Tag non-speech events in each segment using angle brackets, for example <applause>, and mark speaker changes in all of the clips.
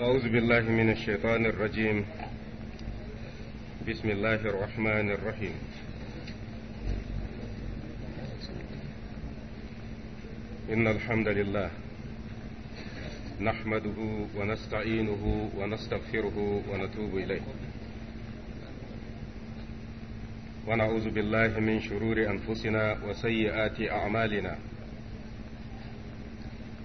Speaker 1: أعوذ بالله من الشيطان الرجيم بسم الله الرحمن الرحيم إن الحمد لله نحمده ونستعينه ونستغفره ونتوب إليه ونعوذ بالله من شرور أنفسنا وسيئات أعمالنا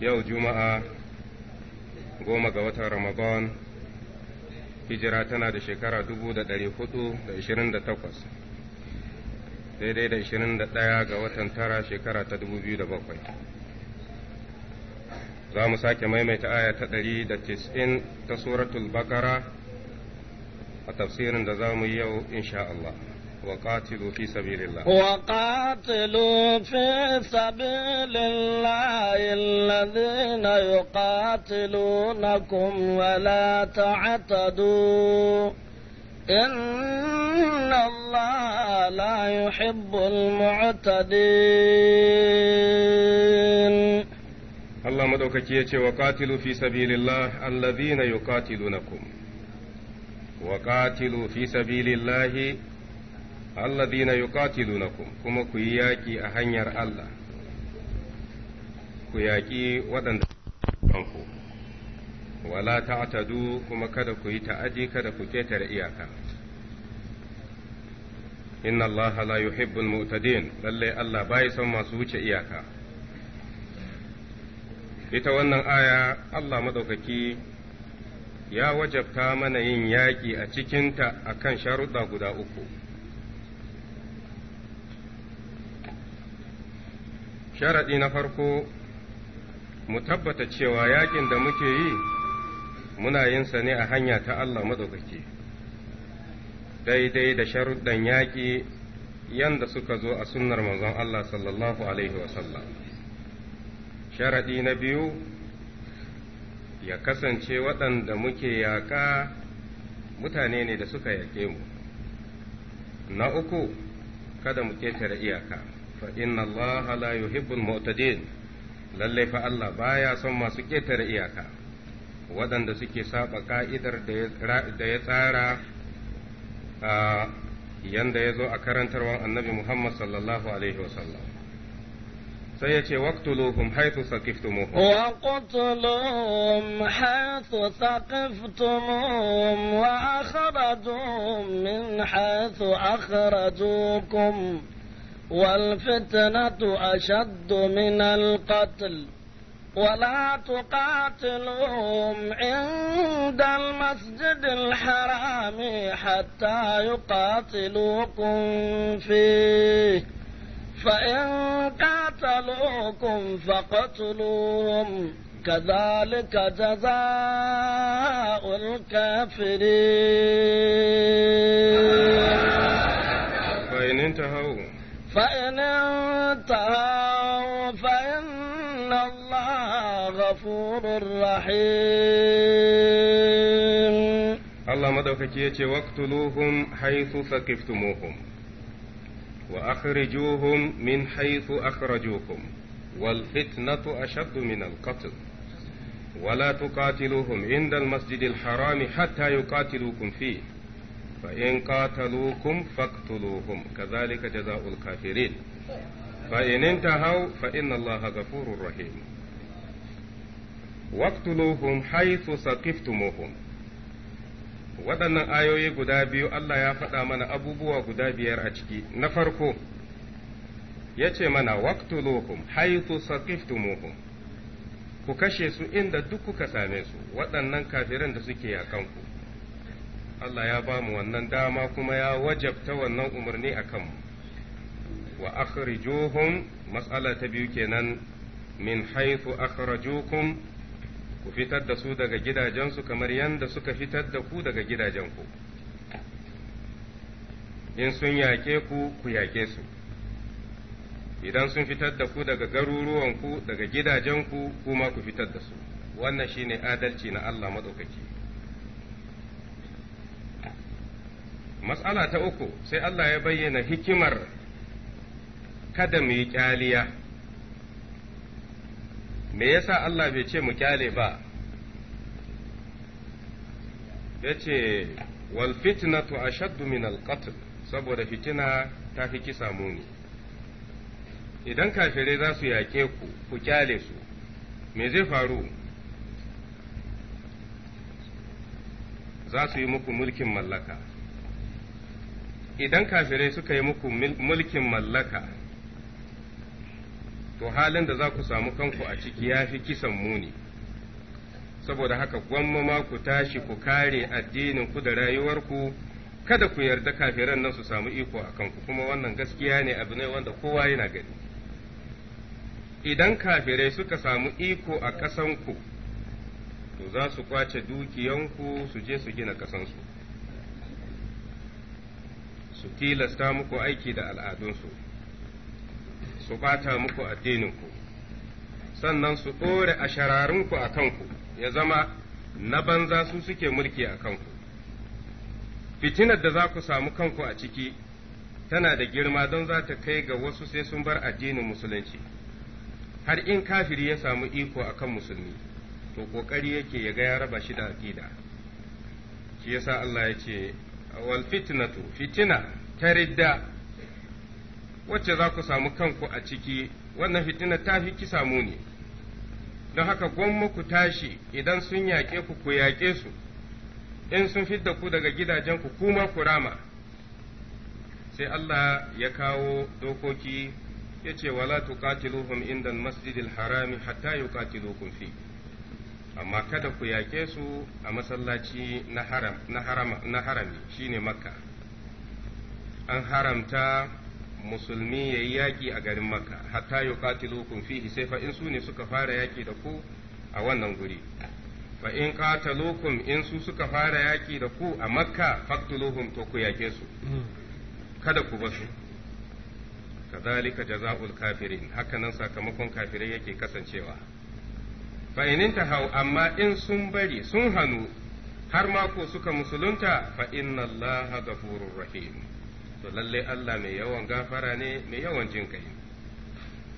Speaker 1: yau juma'a goma ga watan ramadan hijira tana da shekara dubu da ɗari hudu da ishirin da takwas daidai da ishirin da ɗaya ga watan tara shekara ta dubu biyu da bakwai za mu sake maimaita aya ta ɗari da tis'in ta suratul bakara a tafsirin da za mu yi yau insha Allah. وقاتلوا في سبيل الله
Speaker 2: وقاتلوا في سبيل الله الذين يقاتلونكم ولا تعتدوا إن الله لا يحب
Speaker 1: المعتدين الله مدوكك يتي وقاتلوا في سبيل الله الذين يقاتلونكم وقاتلوا في سبيل الله alladina yuqatilunakum kuma ku yi yaƙi a hanyar Allah ku yaƙi waɗanda kanku wala ta'tadu kuma kada ku yi ta'adi kada ku ketare iyaka inna Allah la yuhibbul mu'tadin lalle Allah bai son masu wuce iyaka ita wannan aya Allah madaukaki ya wajabta mana yin yaƙi a cikinta akan sharuɗa guda uku sharaɗi na farko mu tabbata cewa yaƙin da muke yi muna yin sa ne a hanya ta Allah madaukake daidai da sharuɗan yaƙi yanda suka zo a sunnar manzon Allah sallallahu alaihi wasallam sharaɗi na biyu ya kasance waɗanda muke yaƙa mutane ne da suka yaƙe mu na uku kada mu ƙetare iyaka fa inna allaha la yuhibbul mu'tadin lalle fa Allah baya son masu ketare iyaka waɗanda suke saba ka'idar da ya tsara yanda ya zo a karantarwar annabi Muhammad sallallahu alaihi wasallam sai ya ce waqtuluhum haythu saqiftumuhum wa
Speaker 2: qatluhum haythu saqiftumuhum wa akhrajuhum min haythu akhrajukum والفتنة أشد من القتل ولا تقاتلوهم عند المسجد الحرام حتى يقاتلوكم فيه فإن قاتلوكم فاقتلوهم كذلك جزاء الكافرين
Speaker 1: فإن انتهوا
Speaker 2: فإن انتهوا فإن الله غفور
Speaker 1: رحيم الله مدوكك يتي واقتلوهم حيث ثقفتموهم وأخرجوهم من حيث أخرجوكم والفتنة أشد من القتل ولا تقاتلوهم عند المسجد الحرام حتى يقاتلوكم فيه fa in qataluukum faqtuluhum kadhalika jazaa'ul kafirin fa in intahaw fa inna allaha ghafurur rahim waqtuluhum haythu saqiftumuhum waɗannan ayoyi guda biyu Allah ya faɗa mana abubuwa guda biyar a ciki na farko ya ce mana waqtuluhum haythu saqiftumuhum ku kashe su inda duk kuka same su waɗannan kafirin da suke a kanku Allah ya ba mu wannan dama kuma ya wajabta wannan umarni a kanmu wa akhrijuhum mas'ala ta biyu kenan min haythu akhrajukum ku fitar da su daga gidajensu kamar yadda suka fitar da ku daga gidajenku in sun yaƙe ku ku yaƙe su idan sun fitar da ku daga garuruwanku daga gidajenku kuma ku fitar da su wannan shi ne adalci na Allah maɗaukaki matsala ta uku sai Allah ya bayyana hikimar kada mu yi kyaliya me yasa Allah bai ce mu kyale ba ya ce wal fitnatu ashaddu min al saboda fitina ta fi kisa muni idan kafirai za su yaƙe ku ku kyale su me zai faru za su yi muku mulkin mallaka idan kafirai suka yi muku mulkin mallaka to halin da za ku samu kanku a ciki ya fi kisan muni saboda haka gwamma ma ku tashi ku kare addinin ku da rayuwarku kada ku yarda kafiran nan su samu iko a kanku kuma wannan gaskiya ne abu ne wanda kowa yana gani idan kafirai suka samu iko a ƙasanku to za su kwace dukiyanku su je su gina ƙasansu su tilasta muku aiki da al'adunsu su ɓata muku addininku sannan su ɗore a shararunku a kanku ya zama na banza su suke mulki a kanku fitinar da za ku samu kanku a ciki tana da girma don za ta kai ga wasu sai sun bar addinin musulunci har in kafiri ya samu iko a kan musulmi to ƙoƙari yake ya ga ya raba shi da aƙida shi yasa Allah ya ce wal fitnatu fitina ta ridda wacce za ku samu kanku a ciki wannan fitina ta fi ki samu ne don haka gwamma ku tashi idan sun yaƙe ku ku yaƙe su in sun fidda ku daga gidajenku kuma ku rama sai Allah ya kawo dokoki ya ce wala tuqatiluhum inda masjidil harami hatta yuqatilukum fihi amma kada ku yaƙe su a masallaci na harami shine makka an haramta musulmi ya yi yaƙi a garin makka hatta yi ƙatilukum fihi sai fa su ne suka fara yaƙi da ku a wannan guri fa in ƙatalukum in su suka fara yaƙi da ku a makka faktuluhum to ku yaƙe su kada ku basu kazalika jaza'ul kafirin hakanan sakamakon kafirai yake kasancewa fa ta hau amma in sun bari sun hannu har mako suka musulunta fa inna allaha ghafurur rahim to lalle Allah mai yawan gafara ne mai yawan jin kai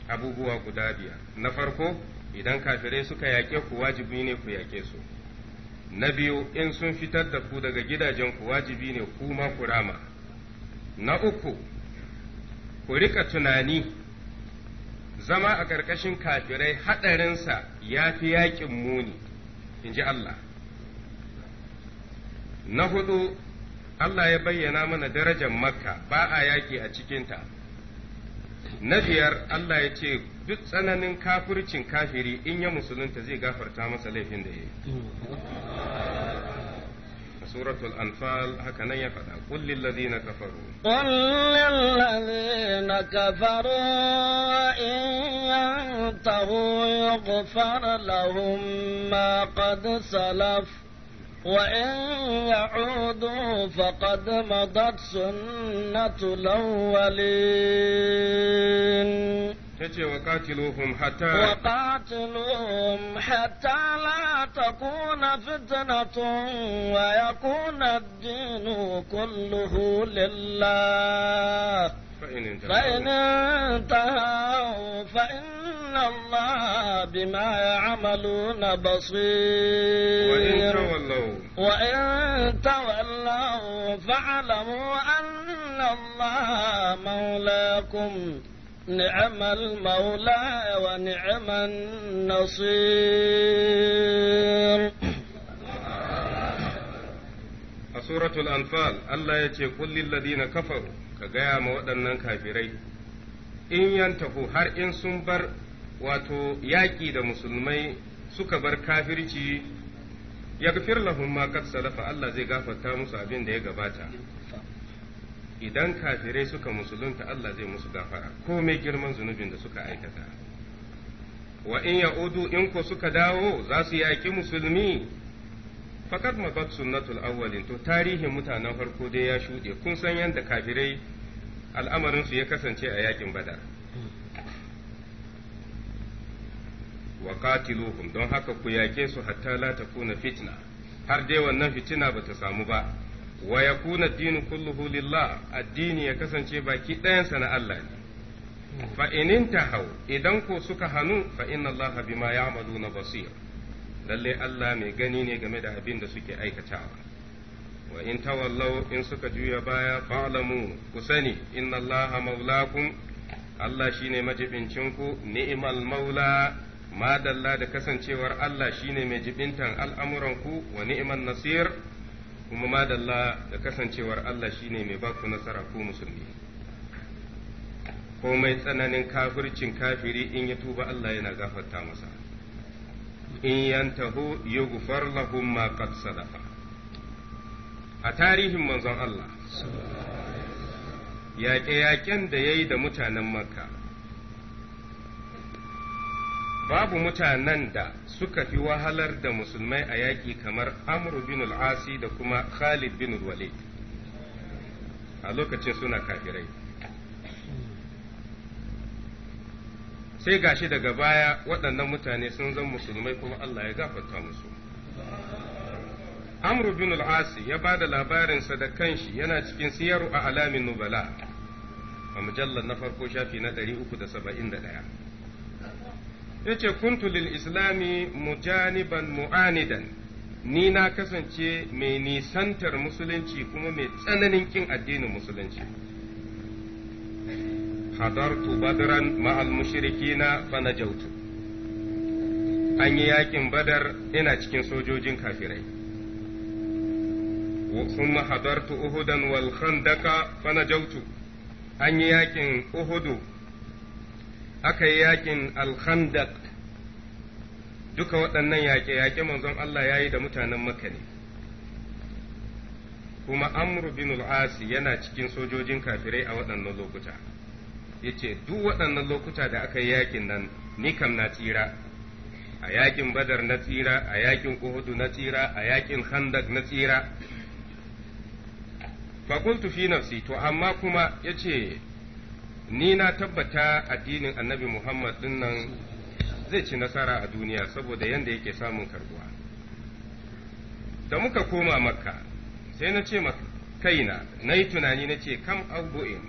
Speaker 1: abubuwa guda biyar na farko idan kafirai suka yake ku wajibi ne ku yaƙe su na biyu in sun fitar da ku daga gidajen ku wajibi ne ku ma ku rama na uku ku rika tunani zama a ƙarƙashin kafirai haɗarinsa ya fi yaƙin muni in ji Allah na hudu Allah ya bayyana mana darajar makka ba a yaƙi a cikinta na biyar Allah ya ce duk tsananin kafircin kafiri in ya musulunta zai gafarta masa laifin da ya
Speaker 3: yi
Speaker 1: سورة الأنفال هكذا يفعل قل للذين كفروا
Speaker 2: قل للذين كفروا إن ينتهوا يغفر لهم ما قد سلف وإن يعودوا فقد مضت سنة الأولين
Speaker 1: تجي وقاتلوهم حتى
Speaker 2: وقاتلوهم حتى لا تكون فتنة ويكون الدين كله لله
Speaker 3: فإن انتهوا فإن,
Speaker 2: انتهوا فإن الله بما يعملون بصير وإن تولوا وإن تولوا فاعلموا أن الله مولاكم نعم المولى ونعم النصير
Speaker 1: a suratul anfal Allah ya ce kullin ladina kafaru ka gaya ma waɗannan kafirai in yantahu har in sun bar wato yaƙi da musulmai suka bar kafirci ya gafir lahum ma kad salafa Allah zai gafarta musu abin da ya gabata idan kafirai suka musulunta Allah zai musu gafara komai girman zunubin da suka aikata wa in ya'udu in ko suka dawo za su yaƙi musulmi fakat mabat sunnatul awwalin to tarihin mutanen farko dai ya shuɗe kun san yadda kafirai al'amarin su ya kasance a yakin bada wa qatiluhum don haka ku yaƙe su hatta la takuna fitna har dai wannan fitina bata samu ba wa ya kuna dini kulluhu lillah addini ya kasance baki ɗayansa na Allah ne fa inin hau idan ko suka hannu fa inna Allah bima na basir lalle Allah mai gani ne game da abin da suke aikatawa wa in tawallau in suka juya baya fa'lamu ku sani inna Allah maulakum Allah shine majibincin ku ni'mal maula madalla da kasancewar Allah shine mai jibintan al'amuran ku wa ni'man nasir kuma madalla da kasancewar Allah shi ne mai baku nasara ko musulmi komai tsananin kafircin kafiri in ya tuba Allah yana gafarta masa in yantahu yughfar lahum ma qad sadafa. a tarihin manzon Allah yaƙe-yaƙen da ya yi da mutanen Makka babu mutanen da suka fi wahalar da musulmai a yaƙi kamar amru bin al'asi da kuma khalid bin walid a lokacin suna kafirai sai gashi daga baya waɗannan mutane sun zan musulmai kuma Allah ya gafarta musu amru bin al'asi ya ba da labarinsa da kanshi yana cikin siyaru a alamin nubala a mujallar na farko shafi na 371 yace kuntu lil islami mujaniban mu'anidan ni na kasance mai nisantar musulunci kuma mai tsananin kin addinin musulunci hadartu badran ma'al mushrikina fa najautu
Speaker 3: an yi yakin
Speaker 1: badar ina cikin sojojin kafirai ثم حضرت أهدا والخندق an yi yakin Uhudu. aka yi yakin alkhandak duka waɗannan yaƙe-yaƙe manzon Allah ya yi da mutanen makani ne kuma Amr bin yana cikin sojojin kafirai a waɗannan lokuta Ya ce duk waɗannan lokuta da aka yi yakin nan ni kam na tsira a yakin Badar na tsira a yakin kuhudu na tsira a yakin Handak na tsira fakultu fi nafsi to amma kuma ya ce. ni na tabbata addinin annabi Muhammad din nan zai ci nasara a duniya saboda yadda yake samun karbuwa. Da muka koma makka sai na ce kaina na yi tunani na ce kam abu'in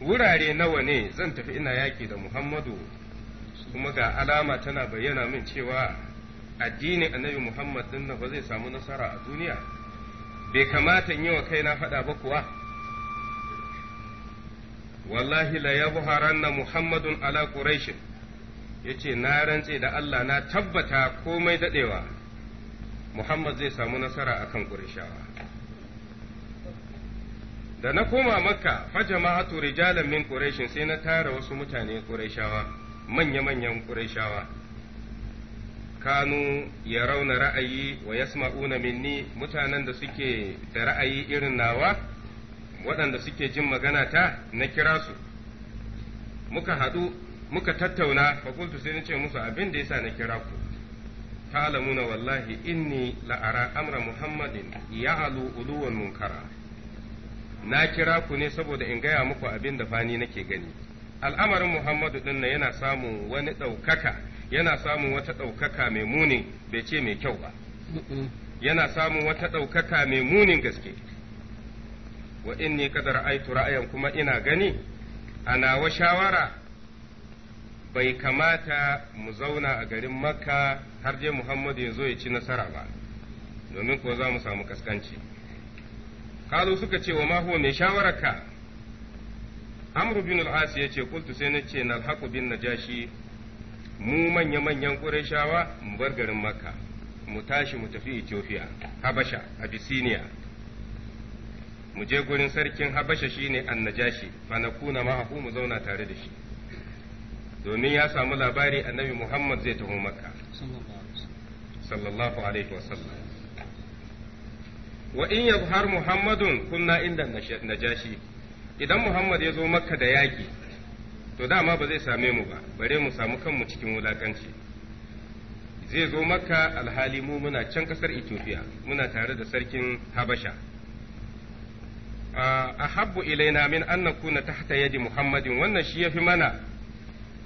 Speaker 1: wurare nawa ne zan tafi ina yaki da Muhammadu kuma ga alama tana bayyana min cewa addinin annabi Muhammad din nan ba zai samu nasara a duniya. Bai kamata in yi wa kaina faɗa ba kuwa. wallahi la yabharanna muhammadun ala quraish yace na rantse da Allah na tabbata komai dadewa muhammad zai samu nasara akan qurayshawa da na koma makka fa jama'atu rijalan min quraish sai na tara wasu mutane qurayshawa manya manyan qurayshawa kanu ya rauna ra'ayi wa yasma'una minni mutanen da suke da ra'ayi irin nawa waɗanda suke jin magana ta na kira su muka haɗu muka tattauna fakultu sai na ce musu abin da ya sa na kira ku ta'lamuna wallahi inni la'ara amra muhammadin alu uluwan munkara na kira ku ne saboda in gaya muku abin da fani nake gani al'amarin muhammadu ɗin yana samun wani ɗaukaka yana samun wata ɗaukaka mai muni bai ce mai kyau ba yana samun wata ɗaukaka mai munin gaske wa inni kadar aitu ra'ayan kuma ina gani ana wa shawara bai kamata mu zauna a garin makka har je muhammadu ya zo ya ci nasara ba domin ko za mu samu kaskanci kazo suka ce wa ma huwa mai shawararka amru bin al-as ya ce kultu sai na ce nalhaqu bin najashi mu manya manyan qurayshawa mu bar garin makka mu tashi mu tafi ethiopia habasha abyssinia mu je gurin sarkin habasha shine annajashi fa nakuna ma'ahu mu zauna tare da shi domin ya samu labari annabi Muhammad zai taho makka sallallahu alaihi wasallam wa in yabhar Muhammadun kunna inda najashi idan Muhammad ya zo makka da yaki, to dama ba zai same mu ba bare mu samu kanmu cikin wulakanci zai zo makka alhali mu muna can kasar Ethiopia muna tare da sarkin Habasha A habbu ilaina min an ta tahta yadi muhammadin wannan shi ya fi mana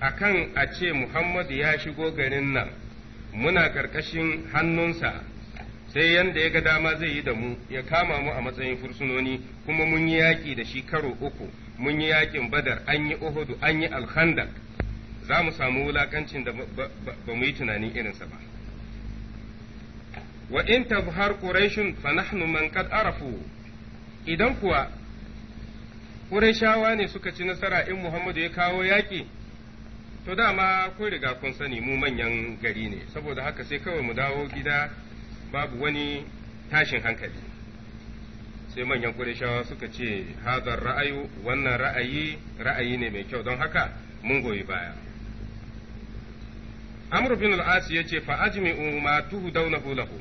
Speaker 1: a kan a ce muhammadu ya shigo garin nan muna karkashin hannunsa sai yadda ya ga dama zai yi da mu ya kama mu a matsayin fursunoni kuma mun yi yaƙi da shi karo uku mun yi yaƙin badar an yi uhudu an yi alhanda za mu samu wulakancin da ba mu yi tunanin irinsa ba wa in tabhar quraishun fa nahnu man qad idan kuwa ƙurashawa ne suka ci nasara in Muhammadu ya kawo yaƙi, to dama kun riga kun sani mu manyan gari ne, saboda haka sai kawai mu dawo gida babu wani tashin hankali. Sai manyan ƙurashawa suka ce, hazar ra'ayu wannan ra'ayi ra'ayi ne mai kyau don haka mun goyi baya. Amr bin al ya ce fa ajmi'u ma tuhdawnahu lahu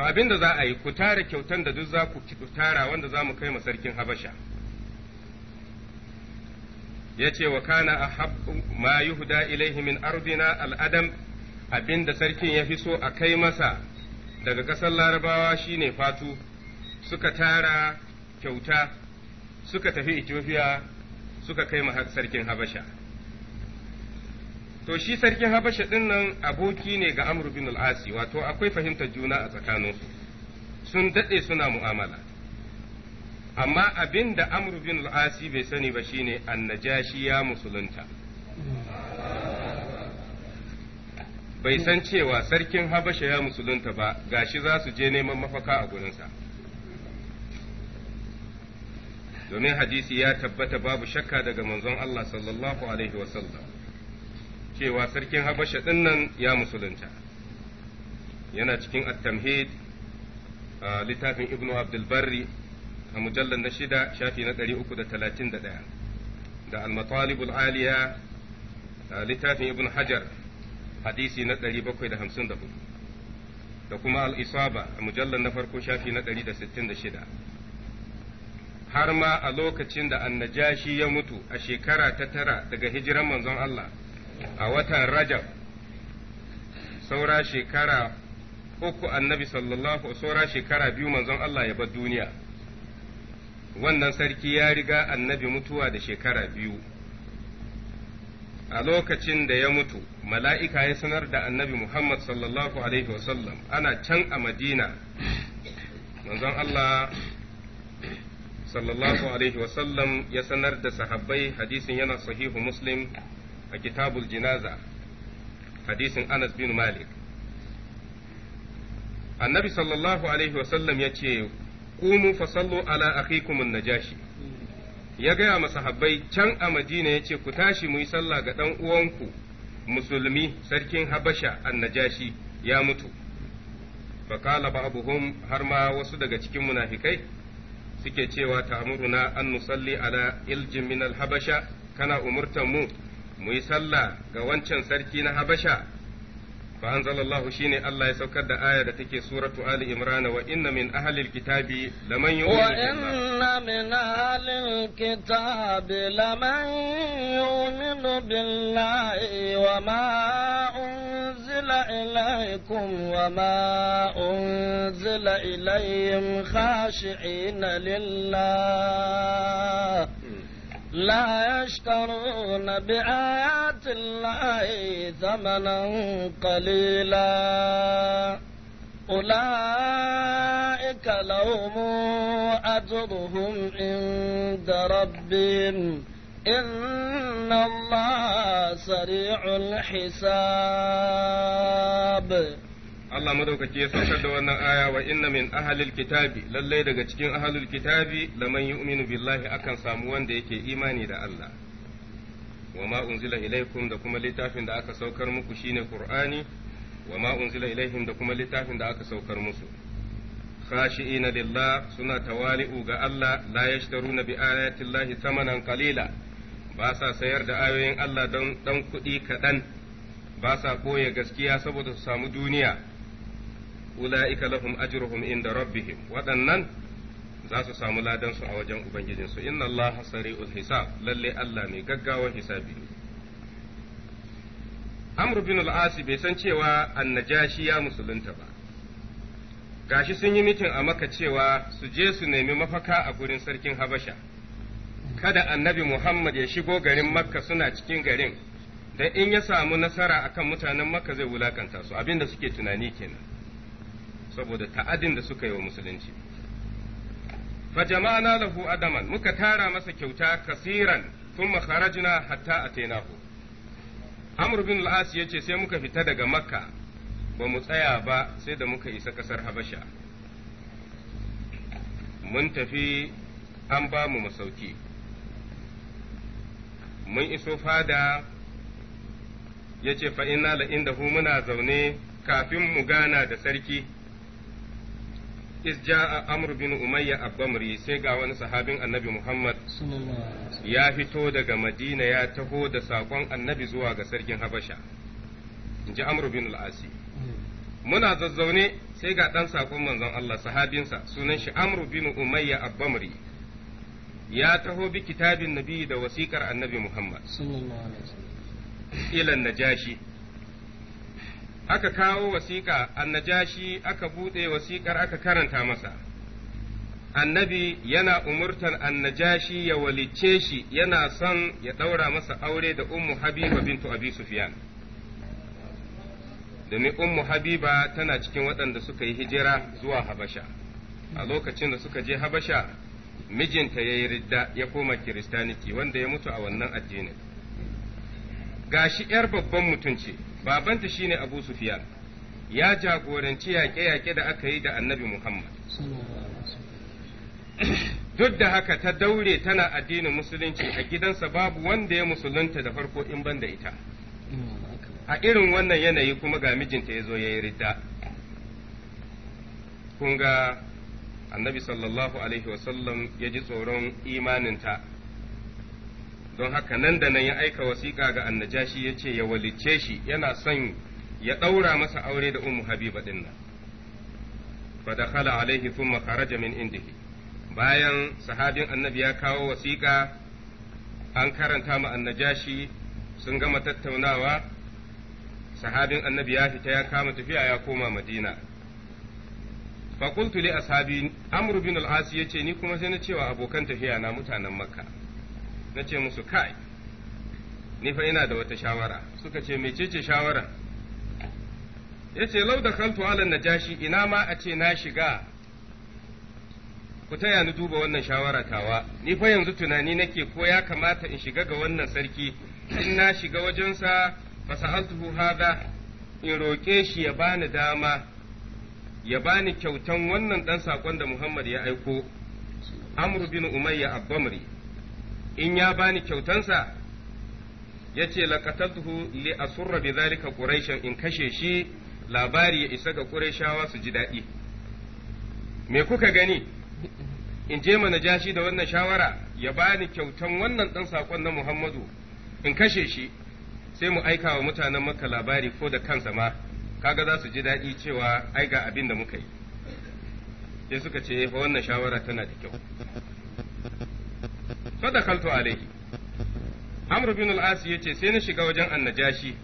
Speaker 1: to abin da za a yi ku tara kyautan da duk za ku tara wanda za mu kai sarkin habasha ya ce wa kana a haɓu ma yuhda ilaihi min ardina al'adam abin da sarkin ya fi so a kai masa daga ƙasar larabawa shine fatu suka tara kyauta suka tafi ethiopia suka kai sarkin habasha to shi sarkin habasha din nan aboki ne ga amru bin al-asi wato akwai fahimtar juna a tsakaninsu sun daɗe suna mu'amala amma abin da amru bin al-asi bai sani ba shine annajashi ya musulunta bai san cewa sarkin habasha ya musulunta ba gashi za su je neman mafaka a gurinsa domin hadisi ya tabbata babu shakka daga manzon Allah sallallahu alaihi wasallam cewa sarkin habasha dinnan ya musulunta yana cikin at-tamhid littafin ibnu abdul a mujallar na shida shafi na ɗari uku da talatin da al-matalib al-aliya littafin ibn hajar hadisi na ɗari bakwai da hamsin da da hudu kuma al-isaba a mujallar na farko shafi na ɗari da da sittin shida. har ma a lokacin da annajashi ya mutu a shekara ta tara daga hijiran manzon Allah a watan rajab saura shekara uku annabi sallallahu saura shekara biyu manzon Allah ya bar duniya wannan sarki ya riga annabi mutuwa da shekara biyu a lokacin da ya mutu mala'ika ya sanar da annabi Muhammad sallallahu alaihi wasallam ana can a madina manzon Allah sallallahu alaihi wasallam ya sanar da sahabbai hadisin yana sahihu muslim a kitabul jinaza hadisin Anas bin Malik annabi sallallahu alaihi wasallam ya ce kumu fasallu ala akhikumun najashi ya gaya masahabbai can a madina ya ce ku tashi mu yi sallah ga ɗan uwanku musulmi sarkin habasha annajashi ya mutu faƙala ba'abuhum har ma wasu daga cikin munafikai suke cewa ta'amuruna an nusalli ala iljin min habasha kana umurtan mu mu yi sallah ga wancan sarki na habasha fa anzalallahu shine Allah ya saukar da aya da take suratu ali imran wa inna min ahlil kitabi laman yu'minu wa
Speaker 2: inna min ahlil kitabi laman yu'minu billahi wa ma unzila ilaykum wa ma unzila ilayhim khashi'ina lillah لا يشترون بآيات الله ثمنا قليلا أولئك لهم أجرهم عند ربهم إن الله سريع
Speaker 1: الحساب Allah madaukaki ya saukar da wannan aya wa inna min ahalil kitabi lallai daga cikin ahalul kitabi laman yu'minu billahi akan samu wanda yake imani da Allah wa ma unzila ilaikum da kuma littafin da aka saukar muku shine Qur'ani wa ma unzila ilaihim da kuma littafin da aka saukar musu khashi'ina lillah suna tawali'u ga Allah la yashtaruna bi ayati llahi thamanan qalila ba sa sayar da ayoyin Allah don dan kuɗi kaɗan ba sa koya gaskiya saboda su samu duniya ula'ika lahum ajruhum inda rabbihim waɗannan za su samu ladan a wajen ubangijinsu inna Allah sari'ul hisab lalle Allah mai gaggawan hisabi ne Amr bin al bai san cewa annajashi ya musulunta ba gashi sun yi mitin a maka cewa su je su nemi mafaka a gurin sarkin Habasha kada annabi Muhammad ya shigo garin Makka suna cikin garin da in ya samu nasara akan mutanen Makka zai wulakanta su abinda suke tunani kenan saboda ta'adin da suka yi wa musulunci fa jama'ana lahu adaman muka tara masa kyauta kasiran tun kharajna hatta atainahu amr bin al-as yace sai muka fita daga makka ba mu tsaya ba sai da muka isa kasar habasha mun tafi an ba mu masauki mun iso fada ya ce fa'ina la'inda muna zaune kafin mu gana da sarki إذ جاء أمر بن أمية الضمري سيقا وان صحابين النبي محمد ya الله عليه وسلم يا فتو دقا مدينة يا تهو دا ساقوان النبي زواغا سرجين هبشا إن جاء أمر بن sai ga ɗan saƙon manzon Allah sahabinsa sunan shi Amr bin Umayya Abbamri ya taho bi kitabin nabi da wasiƙar annabi Muhammad
Speaker 2: sallallahu
Speaker 1: najashi aka kawo wasiƙa annajashi aka buɗe wasiƙar aka karanta masa annabi yana umurtan annajashi ya walice shi yana son ya ɗaura masa aure da ummu habiba bintu abi sufyan domin ummu habiba tana cikin waɗanda suka yi hijira zuwa habasha a lokacin da suka je habasha mijinta ya yi ridda ya koma kiristaniki wanda ya mutu a wannan addinin gashi 'yar babban mutunci. babanta shine Abu Sufyan ya jagoranci yaƙe-yaƙe da aka yi da Annabi Muhammad <clears throat> duk da haka ta daure tana addinin musulunci a gidansa babu wanda ya musulunta da farko in banda ita a irin wannan yanayi kuma ga mijinta ya zo ya yi ridda kun ga annabi sallallahu alaihi wasallam ya ji tsoron imaninta don haka nan da nan ya aika wasiƙa ga annajashi ya ce ya walice shi yana son ya ɗaura masa aure da umu habiba ɗin nan fa kala alaihi thumma kharaja min indihi bayan sahabin annabi ya kawo wasiƙa an karanta ma annajashi sun gama tattaunawa sahabin annabi ya fita ya kama tafiya ya koma madina fa qultu li ashabi amru bin al-as yace ni kuma sai na cewa abokan tafiya na mutanen makka na ce musu kai ni fa ina da wata shawara suka ce mecece shawara ya ce lau da kaltu ala najashi ina ma a ce na shiga ku taya ni duba wannan shawara tawa ni fa yanzu tunani nake ko ya kamata in shiga ga wannan sarki in na shiga wajensa fasa'altuhu hada in roƙe shi ya bani dama ya bani kyautan wannan ɗan saƙon da Muhammad ya aiko Amr bin Umayya Abbamri in ya bani kyautansa ya ce laƙatattuhu li asurra bi zalika quraishan in kashe shi labari ya isa ga qurayshawa su ji daɗi me kuka gani in je mana jashi da wannan shawara ya bani kyautan wannan ɗan saƙon na muhammadu in kashe shi sai mu aika wa mutanen maka labari ko da kansa ma kaga za su ji daɗi cewa ai ga abin da muka yi sai suka ce eh, wannan shawara tana da kyau fa dakhaltu alayhi amr bin al-as yace sai na shiga wajen annajashi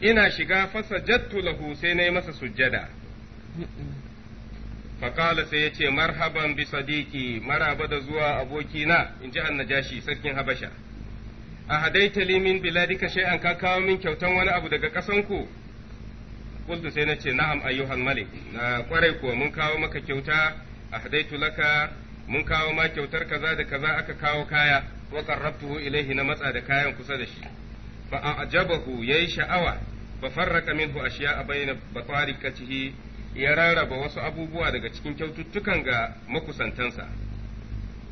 Speaker 1: ina shiga fa sajadtu lahu sai yi masa sujjada fa sai yace marhaban bi sadiqi maraba da zuwa abokina ji annajashi sarkin habasha a hadaita li min biladika shay'an ka kawo min kyautan wani abu daga kasan ku. qultu sai nace na'am ayyuhal malik na kwarai kuwa mun kawo maka kyauta a hadaitu laka mun kawo ma kyautar kaza da kaza aka kawo kaya wa qarrabtuhu ilaihi na matsa da kayan kusa da shi fa ajabahu yayi sha'awa fa farraka minhu ashiya'a bayna batarikatihi ya rarraba wasu abubuwa daga cikin kyaututtukan ga makusantansa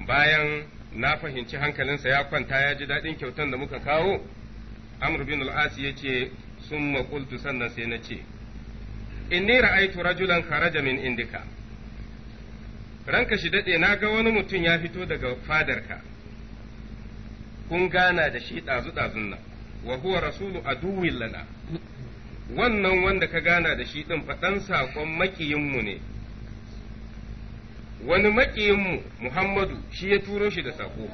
Speaker 1: bayan na fahimci hankalinsa ya kwanta ya ji daɗin kyautan da muka kawo amr bin al-as yace summa qultu sannan sai na ce inni ra'aytu rajulan kharaja min indika ranka shi daɗe na ga wani mutum ya fito daga fadar ka. kun gana da shi ɗazu-ɗazun nan wa huwa rasulu a lana wannan wanda ka gana da shi ɗin faɗan saƙon maƙiyinmu ne wani maƙiyinmu muhammadu shi ya turo shi da saƙo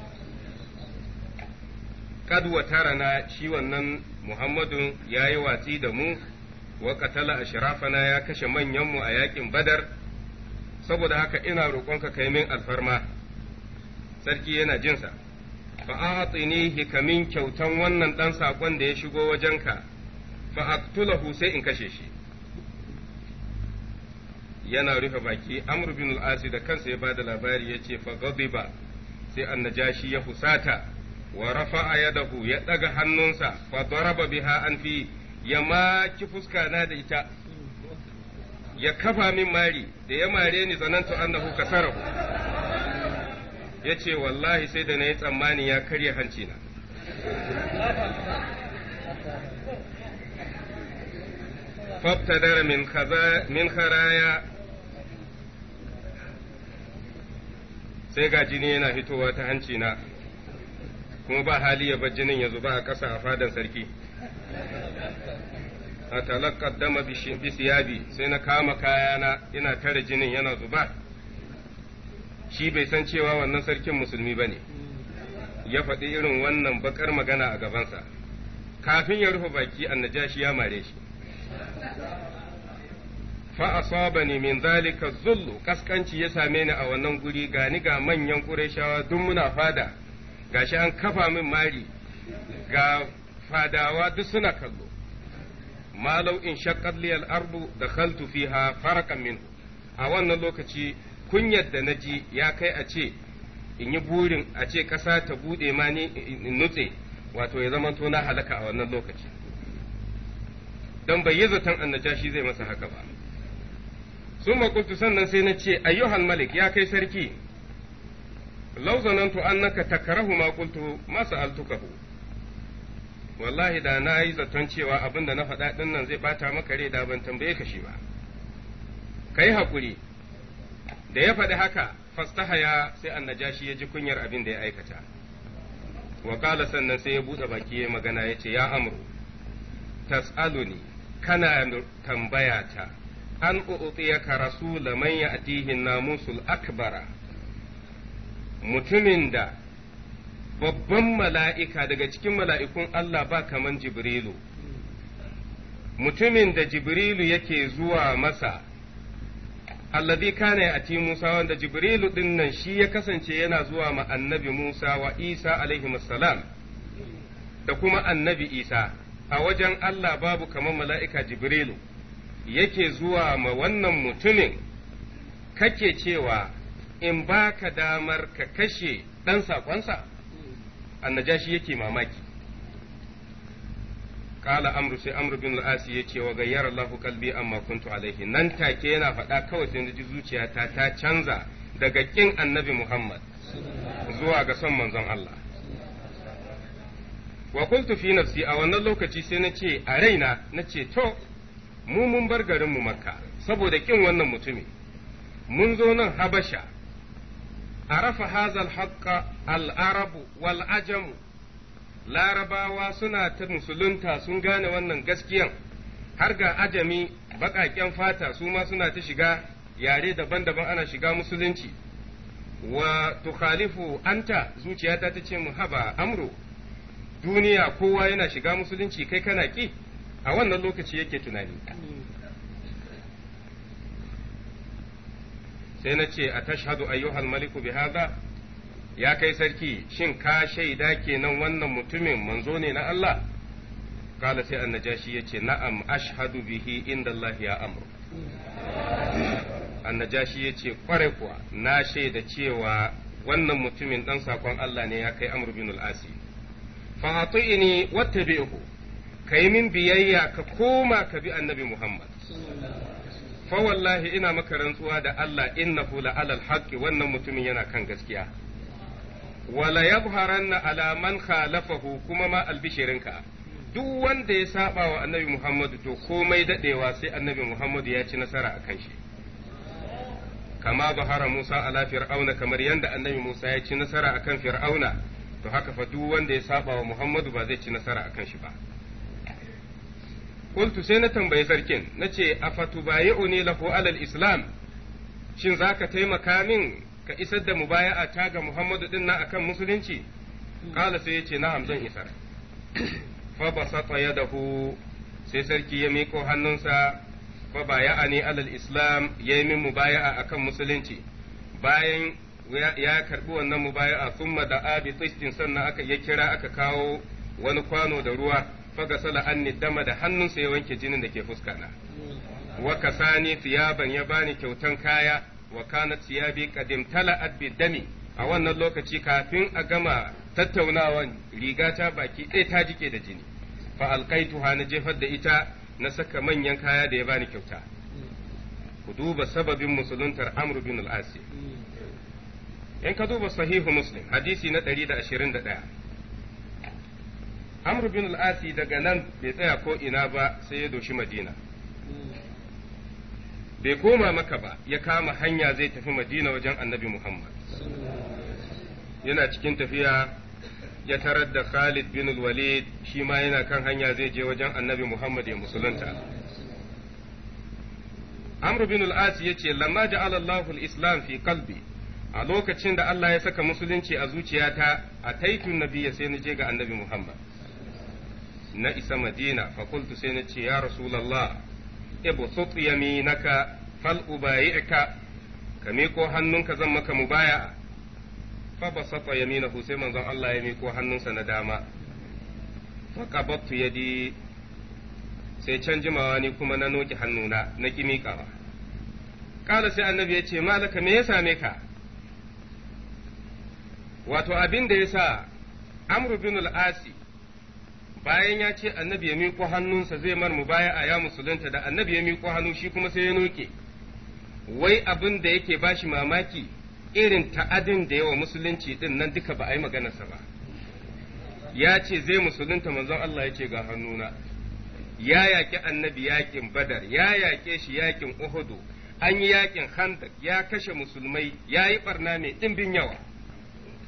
Speaker 1: kad wa tarana shi wannan muhammadun ya yi watsi da mu wa katala ashrafana ya kashe manyanmu a yaƙin badar saboda haka ina roƙonka kai min alfarma sarki yana jinsa fa'atini hikamin kyautan wannan ɗan saƙon da ya shigo wajenka fa fa'aktulahu sai in kashe shi yana rufe baki amr bin al da kansa ya bada labari ya ce fa ghadiba sai annajashi ya husata wa rafa'a yadahu ya daga hannunsa fa daraba biha anfi ya maki fuska na da ita ya kafa min mari da ya mare ni zanantu annahu kasarahu yace wallahi sai da na yi tsammani ya karya hanci na فابتدر min kaza min kharaya sai ga jini yana fitowa ta hanci na kuma ba hali ya bar jinin ya zuba a ƙasa a fadan sarki atalakkad dama bisiyabi sai na kama kaya na ina tare jinin yana zuba shi bai san cewa wannan sarkin musulmi ba ne ya faɗi irin wannan bakar magana a gabansa kafin ya rufe baki annajashi ya mare shi fa asabani min zalika zullu kaskanci ya same ni a wannan guri ni ga manyan ƙurashawa duk muna fada gashi an kafa min mari ga fadawa duk suna kallo ma law in shaqqat li al-ardu dakhaltu fiha farakan min a wannan lokaci kunyar da naji ya kai a ce in yi burin a ce ƙasa ta buɗe ma ni in nutse wato ya zama to na halaka a wannan lokaci don bai yi zaton annajashi zai masa haka ba sun makultu sannan sai na ce ayyuhan malik ya kai sarki lau zanantu annaka takarahu ma qultu masa altukahu wallahi da na yi zaton cewa abin da na faɗa ɗin nan zai ɓata maka rai da ban tambaye ka shi ba Ka yi haƙuri da ya faɗi haka fastahaya sai annajashi ya ji kunyar abin da ya aikata wakala sannan sai ya buɗe baki ya magana ya ce ya amru tas'aluni kana tambaya ta an rasu rasula man ya'tihi namusul akbara mutumin da babban mala'ika daga cikin mala'ikun Allah ba kaman Jibrilu, mutumin da Jibrilu yake zuwa masa, allazi kana ati Musa wanda Jibrilu ɗin nan shi ya kasance yana zuwa ma annabi Musa wa Isa alaihi salam da kuma annabi Isa, a wajen Allah babu kaman mala'ika Jibrilu yake zuwa ma wannan mutumin kake cewa in ba ka damar ka kashe ɗan saƙonsa. annajashi yake mamaki kala amru sai amru bin al-asi yace wa gayyara Allah qalbi amma kuntu alaihi nan take yana faɗa kawai sai zuciya zuciyata ta canza daga kin annabi Muhammad zuwa ga son manzon Allah wa qultu fi nafsi a wannan lokaci sai nace a raina na ceto to mu mun bar garin mu makka saboda kin wannan mutumin mun zo nan habasha arafa hazal haqqa al'arabu wal ajamu larabawa suna ta musulunta sun gane wannan gaskiyan har ga ajami baƙaƙen fata su ma suna ta shiga yare daban-daban ana shiga musulunci wa tukhalifu anta zuciyata ta ce mu haba amro duniya kowa yana shiga musulunci kai kana ki a wannan lokaci yake tunani sai na ce a tashadu ayyuhal maliku bi hadha ya kai sarki shin ka shaida kenan wannan mutumin manzo ne na Allah kala sai annajashi yace na'am ashhadu bihi inda Allah ya amru annajashi yace kware kuwa na shaida cewa wannan mutumin ɗan sakon Allah ne ya kai amru bin al-asi fa atini ka kai min biyayya ka koma ka bi annabi Muhammad fa wallahi ina maka rantsuwa da Allah innahu hula alal haqqi wannan mutumin yana kan gaskiya wala yabharanna ala man khalafahu kuma ma albishirinka duk wanda ya saba wa annabi Muhammadu to komai dadewa sai annabi Muhammadu ya ci nasara a kan shi kama bahara Musa ala fir'auna kamar yanda annabi Musa ya ci nasara akan fir'auna to haka fa duk wanda ya saba wa Muhammadu ba zai ci nasara akan shi ba Kultu sai na tambayi sarkin, na ce, A fatubayi'u ne lahu alal Islam, shin za ka taimaka min ka isar da mubaya'a ta ga Muhammadu din na akan musulunci? Kala sai ya ce, Na'am zan isar. Fa basata yadahu sai sarki ya miko hannunsa fa baya'a ne alal Islam ya yi min mubaya'a akan musulunci. Bayan ya karɓi wannan mubaya'a sun da tishin sannan aka ya kira aka kawo wani kwano da ruwa. fagasala anni dama da hannunsa ya wanke jinin da ke na wa kasani tiyaban ya bani kyautan kaya wa kana tiyabi qadim tala'at bi dami a wannan lokaci kafin a gama tattaunawan riga ta baki ɗaya ta jike da jini fa alqaitu na jefar da ita na saka manyan kaya da ya bani kyauta ku duba sababin musuluntar amru bin al-asi in ka duba sahihu muslim hadisi na 121 amru bin al-asi daga nan bai tsaya ko ina ba sai ya doshi madina bai koma maka ba ya kama hanya zai tafi madina wajen annabi muhammad yana cikin tafiya ya tarar da khalid bin walid shi ma yana kan hanya zai je wajen annabi muhammad ya musulunta amru bin al ce yace lamma ja'ala Allahu islam fi kalbi a lokacin da Allah ya saka musulunci a zuciyata a taitun biya sai na je ga annabi muhammad na isa madina fakultu sai na ce ya rasulallah ya yaminaka fal ubayi'ka ka miko hannunka zan maka mubaya'a fa basata yaminahu sai manzon Allah ya miko hannunsa na dama fa ya di sai can jimawa ni kuma na noki hannuna na ki miƙawa kala sai annabi ya ce malaka me ya same ka wato abin da ya sa amru bin asi bayan ya ce annabi ya miƙo hannunsa zai mar a ya musulunta da annabi ya miƙo hannu shi kuma sai ya noke wai abin da yake bashi mamaki irin ta'adin da yawa musulunci din nan duka ba a yi maganarsa ba ya ce zai musulunta manzon Allah ya ce ga hannuna ya yaƙi annabi yaƙin badar ya yaƙe shi yaƙin uhudu an yi yaƙin handak ya kashe musulmai ya yi ɓarna mai ɗimbin yawa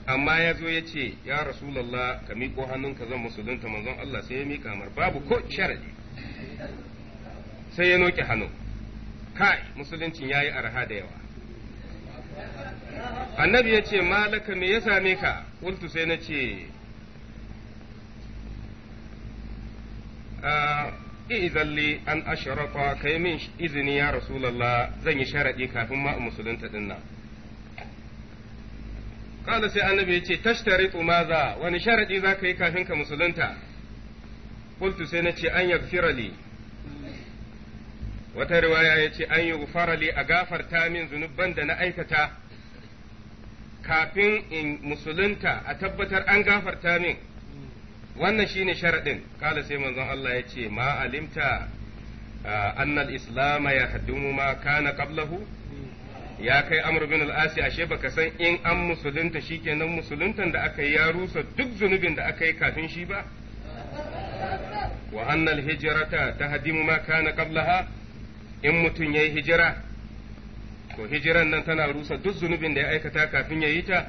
Speaker 1: amma ya zo ya ce ya rasulallah ka miƙo hannunka zan musulunta manzon Allah sai ya miƙa mar babu ko sharadi sai ya noke hannu kai musuluncin yayi arha da yawa
Speaker 3: annabi ya ce malaka
Speaker 1: me ya same ka kultu sai na ce ah, izalli an ashraqa kai min izini ya rasulallah zan yi sharadi kafin ma musulunta dinnan kala sai annabi ya ce tashtaritu maza wani sharadi za ka yi kafin ka musulunta qultu sai na ce an yaghfira li wata riwaya ya ce an li a gafarta min zunuban da na aikata kafin in musulunta a tabbatar an gafarta min wannan shine sharadin kala sai manzon Allah ya ce ma alimta ah, annal islama yahdumu ma kana qablahu ya kai amr bin al-asi ashe baka san in an musulunta shikenan musuluntan da aka yi ya rusa duk zunubin da aka yi kafin shi ba wa anna al-hijrata tahdimu ma kana qablaha in mutun yayi hijira to hijiran nan tana rusa duk zunubin da ya aikata kafin ya yi ta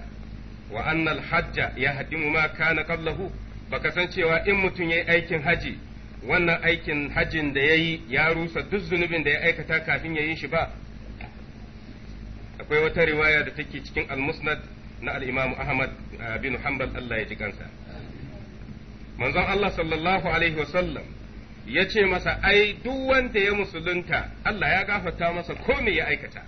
Speaker 1: wa anna al-hajja yahdimu ma kana qablahu baka san cewa in mutun yayi aikin haji wannan aikin hajin da yayi ya rusa duk zunubin da ya aikata kafin ya yi shi ba akwai wata riwaya da take cikin almusnad na al ahmad eh, bin Muhammad Allah ya ji kansa manzon Allah sallallahu alaihi wasallam ya ce masa ai duk wanda ya musulunta Allah ya gafarta masa ko me ya aikata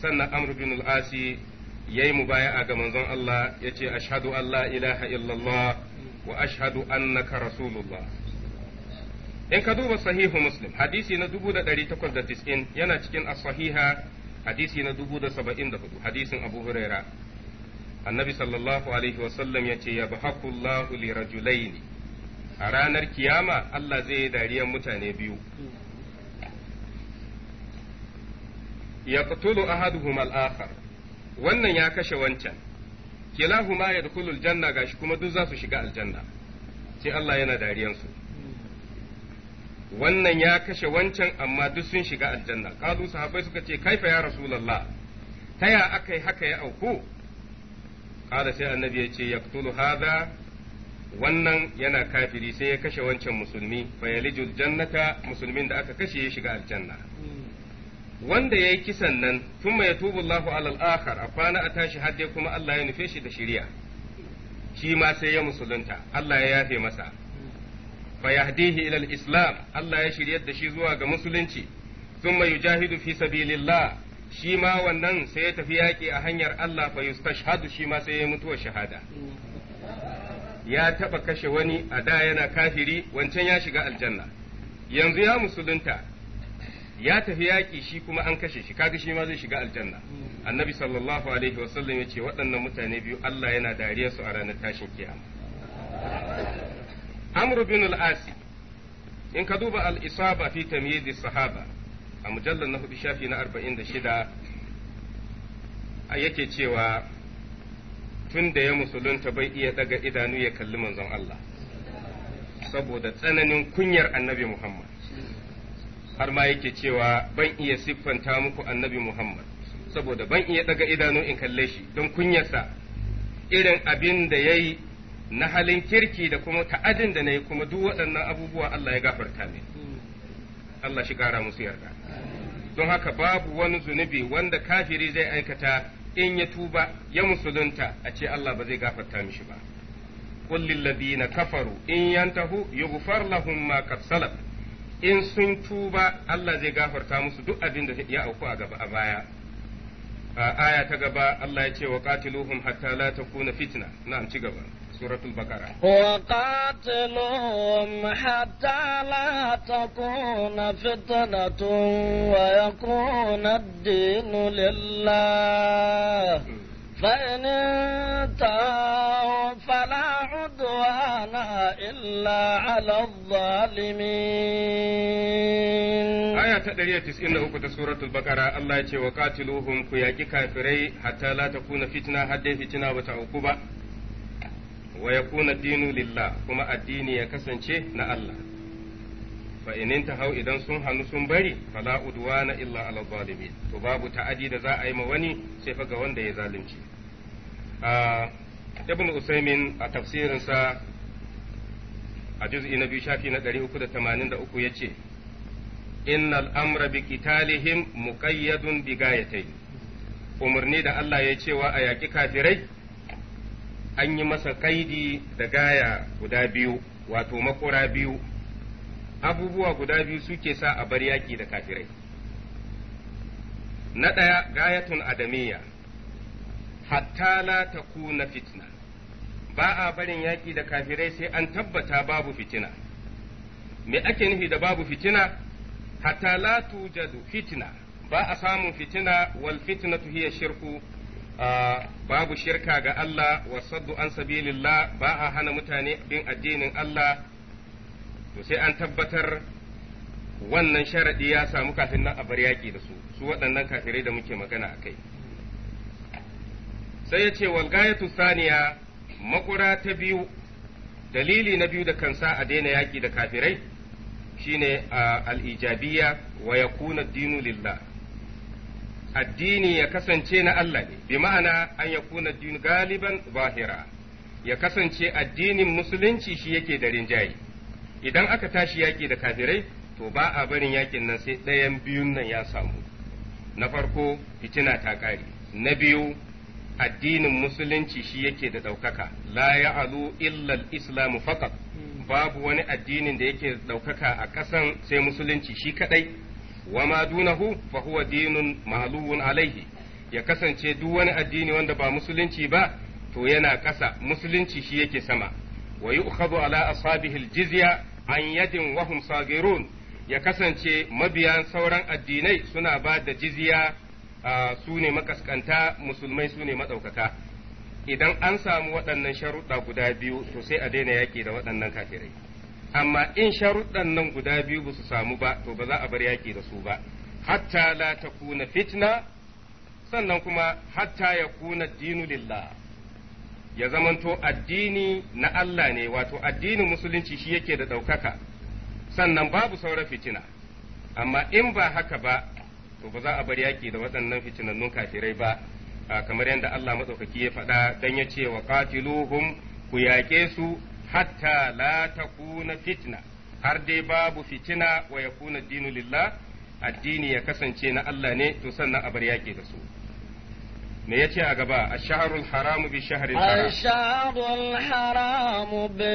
Speaker 1: sannan amr bin al mu baya mubaya'a ga manzon Allah ya ce ashadu Allah ilaha illallah wa ashadu annaka rasulullah in ka duba sahihu muslim hadisi na 1890 yana cikin as-sahiha hadisi na dubu da saba'in da hudu hadisin abu huraira annabi sallallahu alaihi wasallam ya ce ya bahakullahu li ne a ranar kiyama Allah zai yi dariyar mutane biyu ya fitulu ahaduhum al-akhar wannan ya kashe wancan kilahuma yadkhulul janna gashi kuma duk za su shiga aljanna sai Allah yana dariyansu wannan ya kashe wancan amma duk sun shiga aljanna kazu sahabbai suka ce kaifa ya rasulullah ta ya aka yi haka ya auku kada sai annabi ya ce yaqtulu hadha wannan yana kafiri sai ya kashe wancan musulmi fa yalijul jannata musulmin da aka kashe ya shiga aljanna wanda ya yi kisan nan tun ya tubu Allahu akhar a kwana a tashi hadde kuma Allah ya nufe shi da shiriya shi ma sai ya musulunta Allah ya yafe masa fa yahdihi islam Allah ya shiryar da shi zuwa ga musulunci thumma yujahidu fi sabilillah shi ma wannan sai ya tafi yaƙi a hanyar Allah fa yustashhadu shi ma sai ya mutuwa shahada ya taba kashe wani a da yana kafiri wancan ya shiga aljanna yanzu ya musulunta ya tafi yaƙi shi kuma an kashe shi kaga shi ma zai shiga aljanna annabi sallallahu alaihi wasallam ya ce waɗannan mutane biyu Allah yana dariyarsu a ranar tashin kiyama amr bin al-asi in ka duba al-isaba fi tamyiz sahaba a mujallar na hudu shafi na 46 yake cewa tun da ya musulunta bai iya daga idanu ya kalli manzon Allah saboda tsananin kunyar annabi Muhammad har ma yake cewa ban iya siffanta muku annabi Muhammad saboda ban iya daga idanu in kalle shi don kunyarsa irin abin da ya yi na halin kirki da kuma ta'adin da na yi kuma duk waɗannan abubuwa Allah ya gafarta min Allah shi ƙara musu yarda don haka babu wani zunubi wanda kafiri zai aikata in ya tuba ya musulunta a ce Allah ba zai gafarta mishi ba qul lil ladina kafaru in yantahu yughfar lahum ma qad salaf in sun tuba Allah zai gafarta musu duk abin da ya auku a gaba a baya aya ta gaba Allah ya ce wa qatiluhum hatta la takuna fitna na'am ci gaba suratul baqara wa qatiluhum hatta
Speaker 2: la takuna fitnatun wa yakuna ad-dinu lillah فإن انتهوا فلا عدوان إلا على
Speaker 3: الظالمين
Speaker 1: aya ta ya uku ta suratul bakara Allah ya ce wa katiluhum ku yaki kafirai hatta la ta kuna fitina har dai fitina ba ta uku ba wa ya kuna dinu lillah kuma addini ya kasance na Allah fa in hau idan sun hannu sun bari fala udwana illa ala zalimin to babu ta'adi da za a yi ma wani sai fa ga wanda ya zalunci ibn usaimin a tafsirinsa a juz'i na biyu shafi na 383 yace innal amra bi qitalihim muqayyadun umarni da Allah ya cewa a yaƙi kafirai an yi masa kaidi da gaya guda biyu wato makora biyu abubuwa guda biyu suke sa a bar yaƙi da kafirai na ɗaya gayatun adamiyya hatta la kuna fitna ba a barin yaƙi da kafirai sai an tabbata babu fitina me ake nufi da babu fitina hatta la tujadu fitna ba a samun fitina wal fitnatu hiya shirku ah, babu shirka ga Allah wa saddu an sabilillah ba a hana mutane bin addinin Allah to sai an tabbatar wannan sharadi ya samu kafin nan a bar yaki da su su waɗannan kafirai da muke magana a kai sai ya ce walgayatu saniya makura ta biyu dalili na biyu da kansa a daina yaki da kafirai shine al-ijabiyya wa yakuna dinu lillah addini ya kasance na Allah ne bi ma'ana an yakuna dinu galiban zahira ya kasance addinin musulunci shi yake da rinjaye idan aka tashi yaki da kafirai to ba a barin yakin nan sai ɗayan biyun nan ya samu na farko fitina ta ƙare na biyu addinin musulunci shi yake da ɗaukaka la ya illa illal islamu faqat babu wani addinin da yake ɗaukaka a ƙasan sai musulunci shi kaɗai wa ma dunahu fa huwa dinun ma'luun alaihi ya kasance duk wani addini wanda ba musulunci ba to yana ƙasa musulunci shi yake sama wa yu'khadhu ala asabihi aljizya an yadin wa hum sagirun ya kasance mabiyan sauran addinai suna ba da jizya su ne makaskanta musulmai su ne maɗaukaka idan an samu waɗannan sharuɗa guda biyu to sai a daina yaƙi da waɗannan kafirai amma in sharuɗan nan guda biyu ba su samu ba to ba za a bar yaƙi da su ba hatta la takuna fitna sannan kuma hatta ya kuna dinu lillah ya zamanto addini na Allah ne wato addinin musulunci shi yake da ɗaukaka sannan babu sauran fitina amma in ba haka ba to ba za a bar yaki da waɗannan fitinannun kafirai ba kamar yadda Allah matsaukaki ya faɗa dan ya ce wa qatiluhum ku yaƙe su hatta la takuna fitna har dai babu fitina wa yakuna dinu lillah addini ya kasance na Allah ne to sannan a bar yaƙi da su me yace a gaba ash-shahrul haram bi shahril haram ash
Speaker 2: haram bi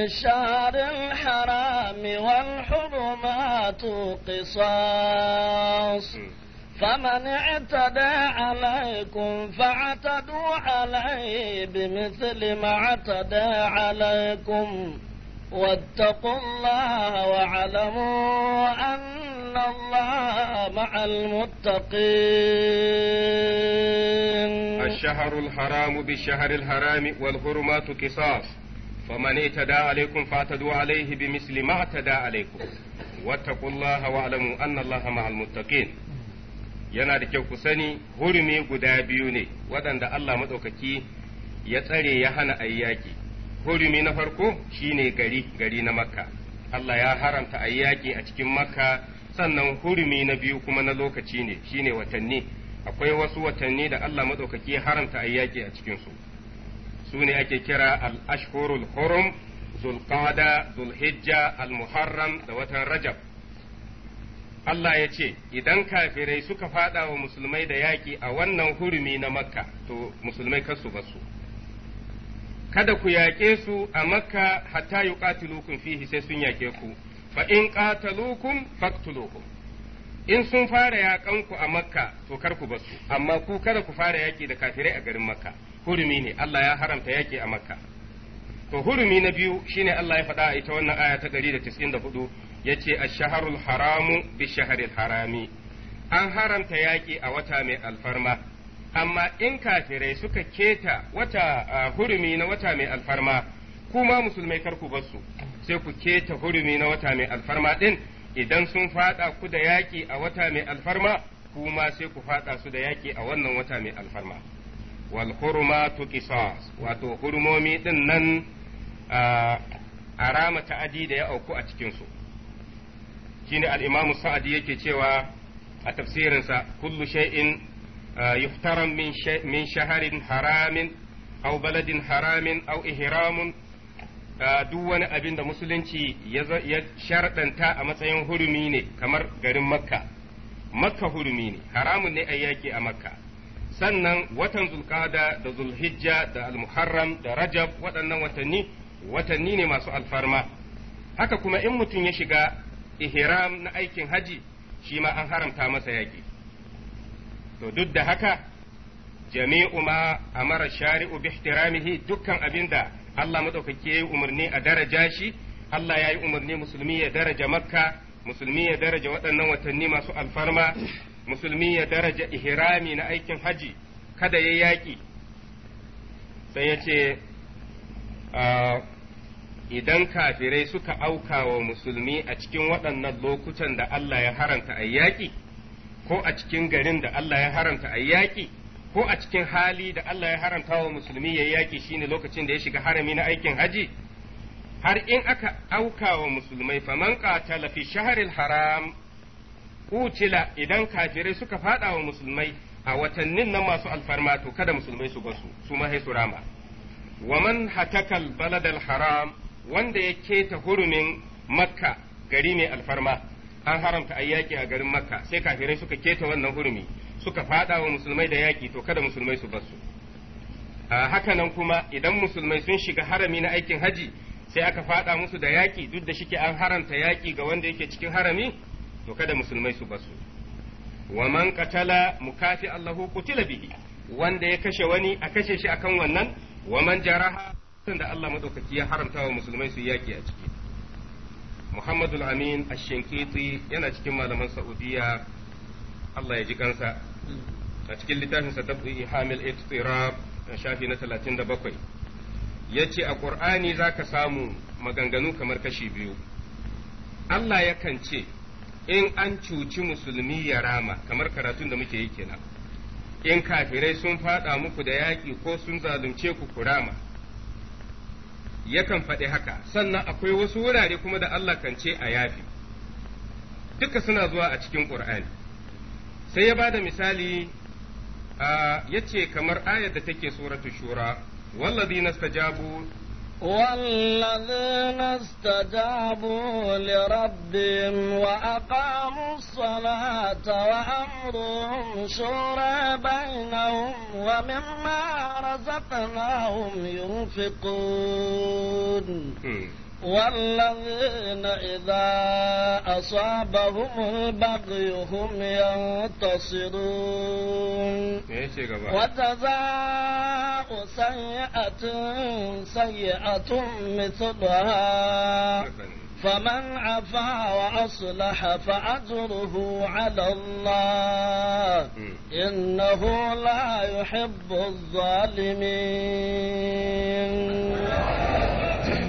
Speaker 2: haram wal hurumatu qisas hmm. فمن اعتدى عليكم فاعتدوا عليه بمثل ما اعتدى عليكم واتقوا الله واعلموا أن الله مع المتقين
Speaker 1: الشهر الحرام بالشهر الحرام والحرمات قصاص فمن اعتدى عليكم فاعتدوا عليه بمثل ما اعتدى عليكم واتقوا الله واعلموا أن الله مع المتقين yana da kyau ku sani hurumi guda biyu ne waɗanda Allah matsaukaki ya tsare ya hana a yaƙi hurumi na farko shine gari gari na makka Allah ya haramta a yaƙi a cikin makka sannan hurumi na biyu kuma na lokaci ne shine watanni akwai wasu watanni da Allah matsaukaki ya haramta a yaƙi a cikinsu su ne ake kira al-ashhurul hurum zulqada zulhijja al-muharram da watan rajab Allah ya ce, Idan kafirai suka faɗa wa musulmai da yaƙi a wannan hurumi na Makka, to musulmai kasu basu. Kada ku yaƙe su a Makka hatta yi ƙatilukun fihi sai sun yaƙe ku, fa in ƙatalukun faktulukun. In sun fara yaƙan ku a Makka, to kar ku basu, amma ku kada ku fara yaƙi da kafirai a garin Makka, hurumi ne, Allah ya haramta yaƙi a Makka. To hurumi na biyu shine Allah ya faɗa a ita wannan aya ta 194 yace a shaharul haramu bi shahril harami an haramta yaƙi a wata mai alfarma amma in kafirai suka keta wata hurumi na wata mai alfarma kuma musulmai kar ku basu sai ku keta hurumi na wata mai alfarma din idan sun fada ku da yaƙi a wata mai alfarma kuma sai ku fada su da yaƙi a wannan wata mai alfarma wal hurmatu qisas wato hurmomi din nan a rama ta'adi da ya auku a cikin su shine al-Imam Sa'di yake cewa a tafsirinsa kullu shay'in uh, yuhtaram min min shaharin haramin aw baladin haramin aw ihramun uh, duk wani abin da musulunci ya sharɗanta a matsayin hurumi ne kamar garin makka makka hurumi ne haramun ne a yaƙi a makka sannan watan zulkada da zulhijja da muharram da rajab waɗannan watanni watanni ne masu alfarma haka kuma in mutum ya shiga ihram na aikin haji shi ma an haramta masa yaƙi to duk da haka jami'u ma a mara shari'u bi ihtiramihi dukkan abinda Allah madaukake yayi umarni a daraja shi Allah ya yi umarni musulmi ya daraja makka musulmi ya daraja waɗannan watanni masu alfarma musulmi ya daraja ihrami na aikin haji kada ya yaƙi sai ya ce ah, idan kafirai suka auka wa musulmi a cikin waɗannan lokutan da Allah ya haranta a yaƙi, ko a cikin garin da Allah ya haranta a yaƙi, ko a cikin hali da Allah ya haranta wa musulmi ya yaƙi shine lokacin da ya shiga harami na aikin haji, har in aka auka wa musulmai faman qatala fi shahril haram utila idan kafirai suka faɗa wa musulmai a watannin nan masu alfarma to kada musulmai su basu su mahai su rama. ومن هتك البلد الحرام wanda ya keta hurumin makka gari mai alfarma an haramta ai yaki a garin makka sai kafirai suka keta wannan hurumi suka fada wa musulmai da yaki to kada musulmai su basu haka nan kuma idan musulmai sun shiga harami na aikin haji sai aka fada musu da yaki duk da shike an haramta yaki ga wanda yake cikin harami to kada musulmai su basu wa man qatala mukafi Allahu qutila bihi wanda ya kashe wani a kashe shi akan wannan wa man jaraha da Allah madaukaki ya haramta wa musulmai su yaki a ciki Muhammadu Amin Ashinkiti yana cikin malaman Saudiya Allah ya ji kansa a cikin littafinsa tabi Hamil Ittirab shafi na 37 yace a Qur'ani zaka samu maganganu kamar kashi biyu Allah yakan ce in an cuci musulmi ya rama kamar karatun da muke yi kenan in kafirai sun fada muku da yaƙi ko sun zalunce ku ku rama yakan faɗi haka sannan akwai wasu wurare kuma da Allah kan ce a yafi duka suna zuwa a cikin ƙur'ani sai ya ba da misali ya ce kamar ayar da take suratu shura wallazi nastajabu
Speaker 2: والذين استجابوا لربهم وأقاموا الصلاة وأمرهم شورى بينهم ومما رزقناهم ينفقون والذين إذا أصابهم البغي هم ينتصرون وجزاء سيئة سيئة سيئة مثلها فمن عفا وأصلح فأجره على الله إنه لا يحب
Speaker 1: الظالمين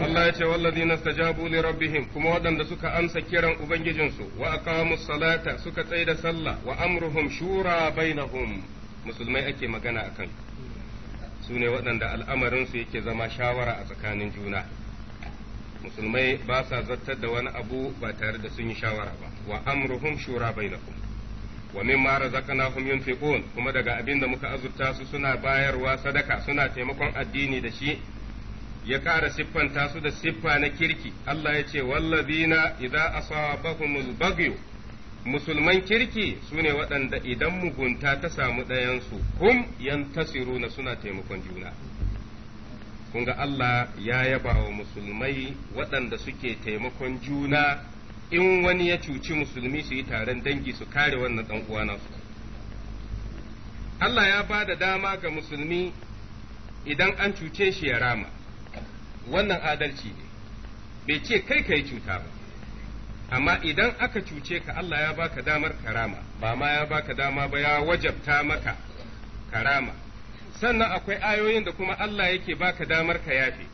Speaker 1: Allah ya ce wallazi na stajabu li rabbihim kuma waɗanda suka amsa kiran ubangijinsu wa aqamu salata suka tsaida sallah wa amruhum shura bainahum musulmai ake magana akan su ne waɗanda al'amarinsu yake zama shawara a tsakanin juna musulmai ba sa zartar da wani abu ba tare da sun yi shawara ba wa amruhum shura bai kuma. wa min mimma razaqnahum yunfiqun kuma daga abin da muka azurta su suna bayarwa sadaka suna taimakon addini da shi ya ƙara siffanta su da siffa na kirki Allah ya ce wallazina idza asabahumul baghyu musulman kirki su ne waɗanda idan mugunta ta samu ɗayansu kum yan tasiru na suna taimakon juna kun ga Allah ya yaba wa musulmai waɗanda suke taimakon juna in wani ya cuci musulmi su yi taron dangi su kare wannan ɗan uwa nasu Allah ya ba da dama ga musulmi idan an cuce shi ya rama wannan adalci ne bai ce kai ka yi cuta ba amma idan aka cuce ka Allah ya baka damar karama ba ma ya baka dama ba ya wajabta maka karama sannan akwai ayoyin da kuma Allah yake baka damar ka yafe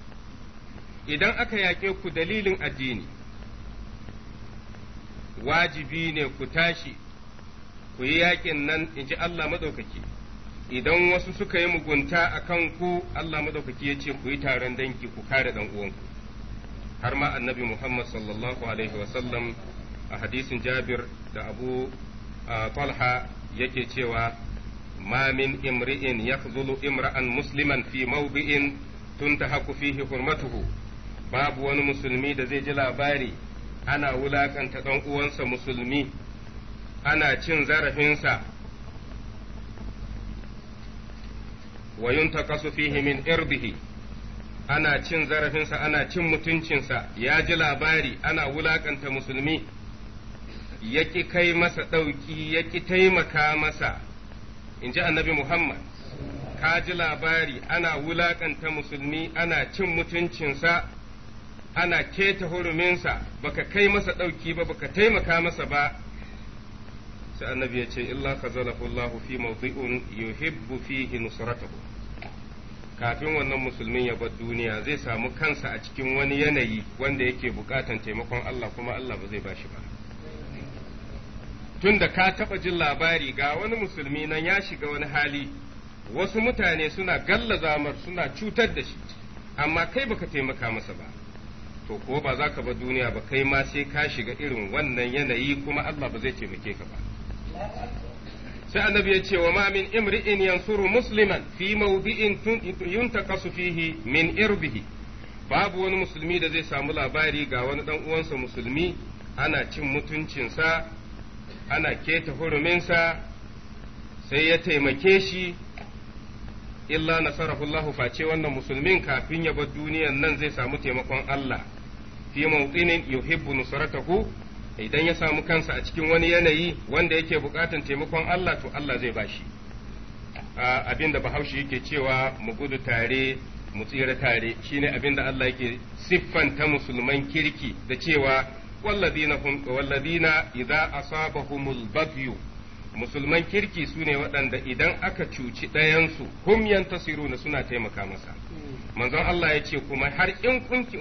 Speaker 1: idan aka yaƙe ku dalilin addini wajibi ne ku tashi ku yi yaƙin nan in ji Allah maɗaukaki idan wasu suka yi mugunta a kan ku Allah maɗaukaki ya ce ku yi taron dangi ku kare ɗan uwanku har ma annabi Muhammad sallallahu alaihi wasallam a hadisin Jabir da Abu Talha yake cewa ma min imri'in yakhzulu imra'an musliman fi mawdi'in tuntahaku fihi hurmatuhu babu wani musulmi da zai ji labari ana wulakanta dan uwansa musulmi ana cin zarafinsa wa yuntaqasu fihi min irdihi ana cin zarafinsa ana cin mutuncinsa ya ji labari ana wulakanta musulmi ya ƙi kai masa ɗauki ya ƙi taimaka masa in ji annabi Muhammad ka ji labari ana wulakanta musulmi ana cin mutuncinsa ana keta huruminsa baka kai masa ɗauki ba baka taimaka masa ba sai annabi ya ce illa ka zalafu fi mawdi'un yuhibbu fihi nusratahu kafin wannan musulmin ya bar duniya zai samu kansa a cikin wani yanayi wanda yake bukatan taimakon Allah kuma Allah ba zai bashi ba tunda ka taba jin labari ga wani musulmi nan ya shiga wani hali wasu mutane suna gallaza zamar suna cutar da shi amma kai baka taimaka masa ba to ko ba za ka bar duniya ba kai ma sai ka shiga irin wannan yanayi kuma Allah ba zai taimake ka
Speaker 3: ba
Speaker 1: sai annabi ya ce wa ma min imri'in yansuru musliman fi mawdi'in yuntaqasu fihi min irbihi babu wani musulmi da zai samu labari ga wani dan uwansa musulmi ana cin mutuncinsa ana keta huruminsa sai ya taimake shi illa nasarahullahu face wannan musulmin kafin ya bar duniyan nan zai samu taimakon Allah fi mawdi'in yuhibbu nusratahu idan ya samu kansa a cikin wani yanayi wanda yake bukatan taimakon Allah to Allah zai bashi abin da bahaushe yake cewa mu gudu tare mu tsira tare shine abin da Allah yake siffanta musulman kirki da cewa walladina hum walladina idza asabahumul baghyu musulman kirki sune ne waɗanda idan aka cuci ɗayansu hum yantasiruna suna taimaka masa manzon Allah ya ce kuma har in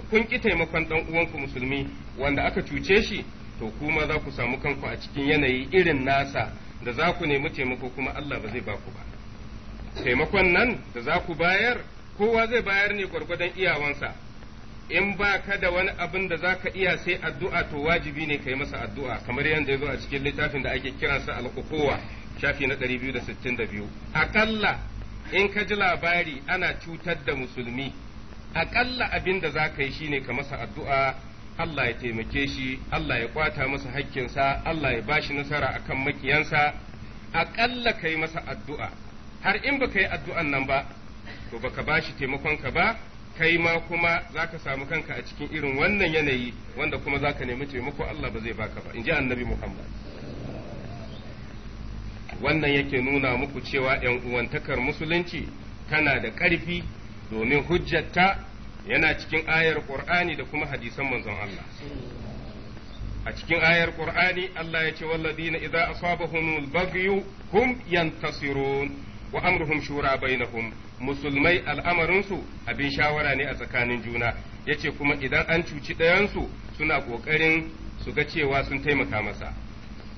Speaker 1: kun ki taimakon ɗan uwanku musulmi wanda aka cuce shi to kuma za ku samu kanku a cikin yanayi irin nasa da za ku nemi taimako kuma Allah ba zai ba ku ba taimakon nan da za ku bayar kowa zai bayar ne gwargwadon iyawansa in ba ka da wani abin da za ka iya sai addu'a to wajibi ne ka yi masa addu'a kamar yadda ya zo a cikin littafin da ake kiransa al'ukowa shafi na 262 aƙalla in ka ji labari ana cutar da musulmi aƙalla abin da za ka yi shine ka masa addu'a Allah ya taimake shi Allah ya kwata masa hakkin sa Allah ya bashi nasara akan makiyansa aƙalla kai masa addu'a har in baka yi addu'an nan ba to baka bashi taimakon ka ba kai ma kuma zaka samu kanka a cikin irin wannan yanayi wanda kuma zaka nemi taimako Allah ba zai baka ba in ji annabi Muhammad wannan yake nuna muku cewa ‘yan uwantakar musulunci tana da ƙarfi domin hujjata yana cikin ayar Qur'ani da kuma hadisan manzon Allah a cikin ayar Qur'ani Allah ya ce walladina idza asabahumul baghyu hum yantasirun wa amruhum shura bainahum musulmai al'amarin su abin shawara ne a tsakanin juna yace kuma idan an cuci ɗayan su suna kokarin su ga cewa sun taimaka masa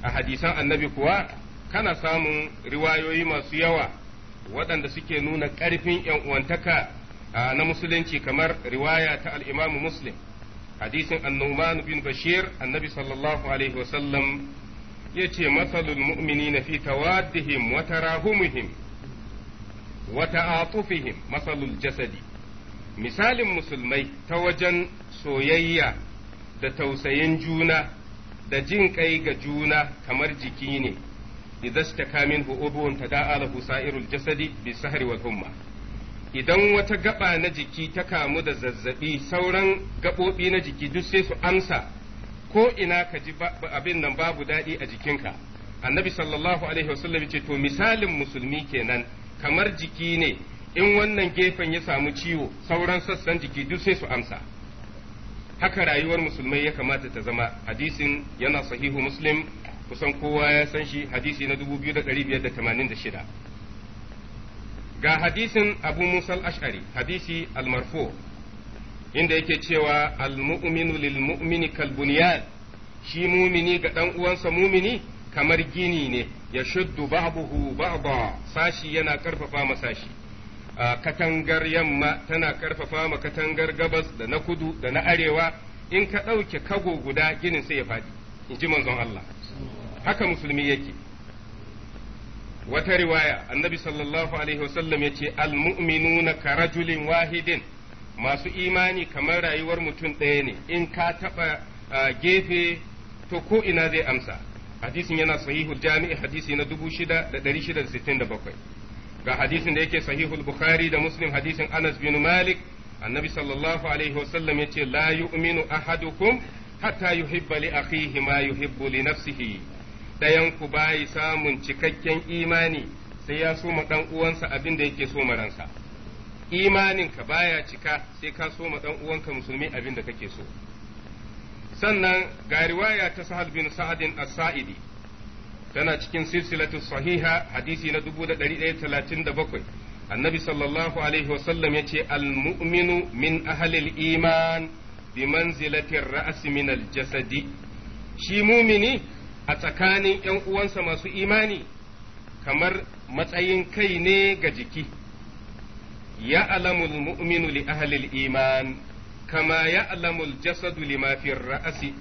Speaker 1: a hadisan annabi kuwa kana samun riwayoyi masu yawa waɗanda suke nuna ƙarfin 'yan uwantaka na musulunci kamar riwaya ta al'imamu muslim hadisin annuman bin bashir annabi sallallahu alaihi wasallam ya ce matsalul mu'mini na fi tawaddihim wa tarahumihim wa ta'atufihim matsalul jasadi misalin musulmai ta wajen soyayya da tausayin juna da jin kai ga juna kamar jiki ne idan ta kamin hu'ubuwan ta da'alahu sa'irul jasadi bi sahri wa umma idan wata gaba na jiki ta kamu da zazzabi sauran gaɓoɓi na jiki duk sai su amsa ko ina ka ji abin nan babu daɗi a jikinka annabi sallallahu alaihi wasallam ce to misalin musulmi kenan kamar jiki ne in wannan gefen ya samu ciwo sauran sassan jiki duk sai su amsa haka rayuwar musulmai ya kamata ta zama hadisin yana sahihu muslim kusan kowa ya san shi hadisi na 2586 ga hadisin abu musa ashari hadisi al inda yake cewa al-mu'minu lil mu'mini kal shi mumini ga dan uwansa mumini kamar gini ne ya shuddu ba'buhu ba'da sashi yana karfafa ma sashi katangar yamma tana karfafa ma katangar gabas da na kudu da na arewa in ka ɗauke kago guda ginin sai ya faɗi in ji manzon Allah haka musulmi yake wata riwaya annabi sallallahu alaihi wasallam yace almu'minuna ka rajulin wahidin masu imani kamar rayuwar mutum ɗaya ne in ka taɓa gefe to ko ina zai amsa hadisin yana sahihul jami'i hadisi na 6667 ga hadisin da yake sahihul bukhari da muslim hadisin anas bin malik annabi sallallahu alaihi wasallam yace la yu'minu ahadukum hatta yuhibba li akhihi ma yuhibbu li nafsihi ɗayanku bayi samun cikakken imani sai ya soma ɗan uwansa abin da yake ma ransa imaninka baya cika sai ka soma ɗan uwanka musulmi abin da kake so sannan ga riwaya ta sahal bin sa'adin as-sa'idi tana cikin silsilatu sahiha hadisi na 1137 annabi sallallahu alaihi wasallam yace al-mu'minu min ahlil iman bi manzilati ar-ra's min al-jasadi shi mumini a tsakanin ‘yan uwansa masu imani kamar matsayin kai ne ga jiki, ya alamul mu'minu li ahalil iman, kama ya alamul jasadu li mafiyar ra'asi,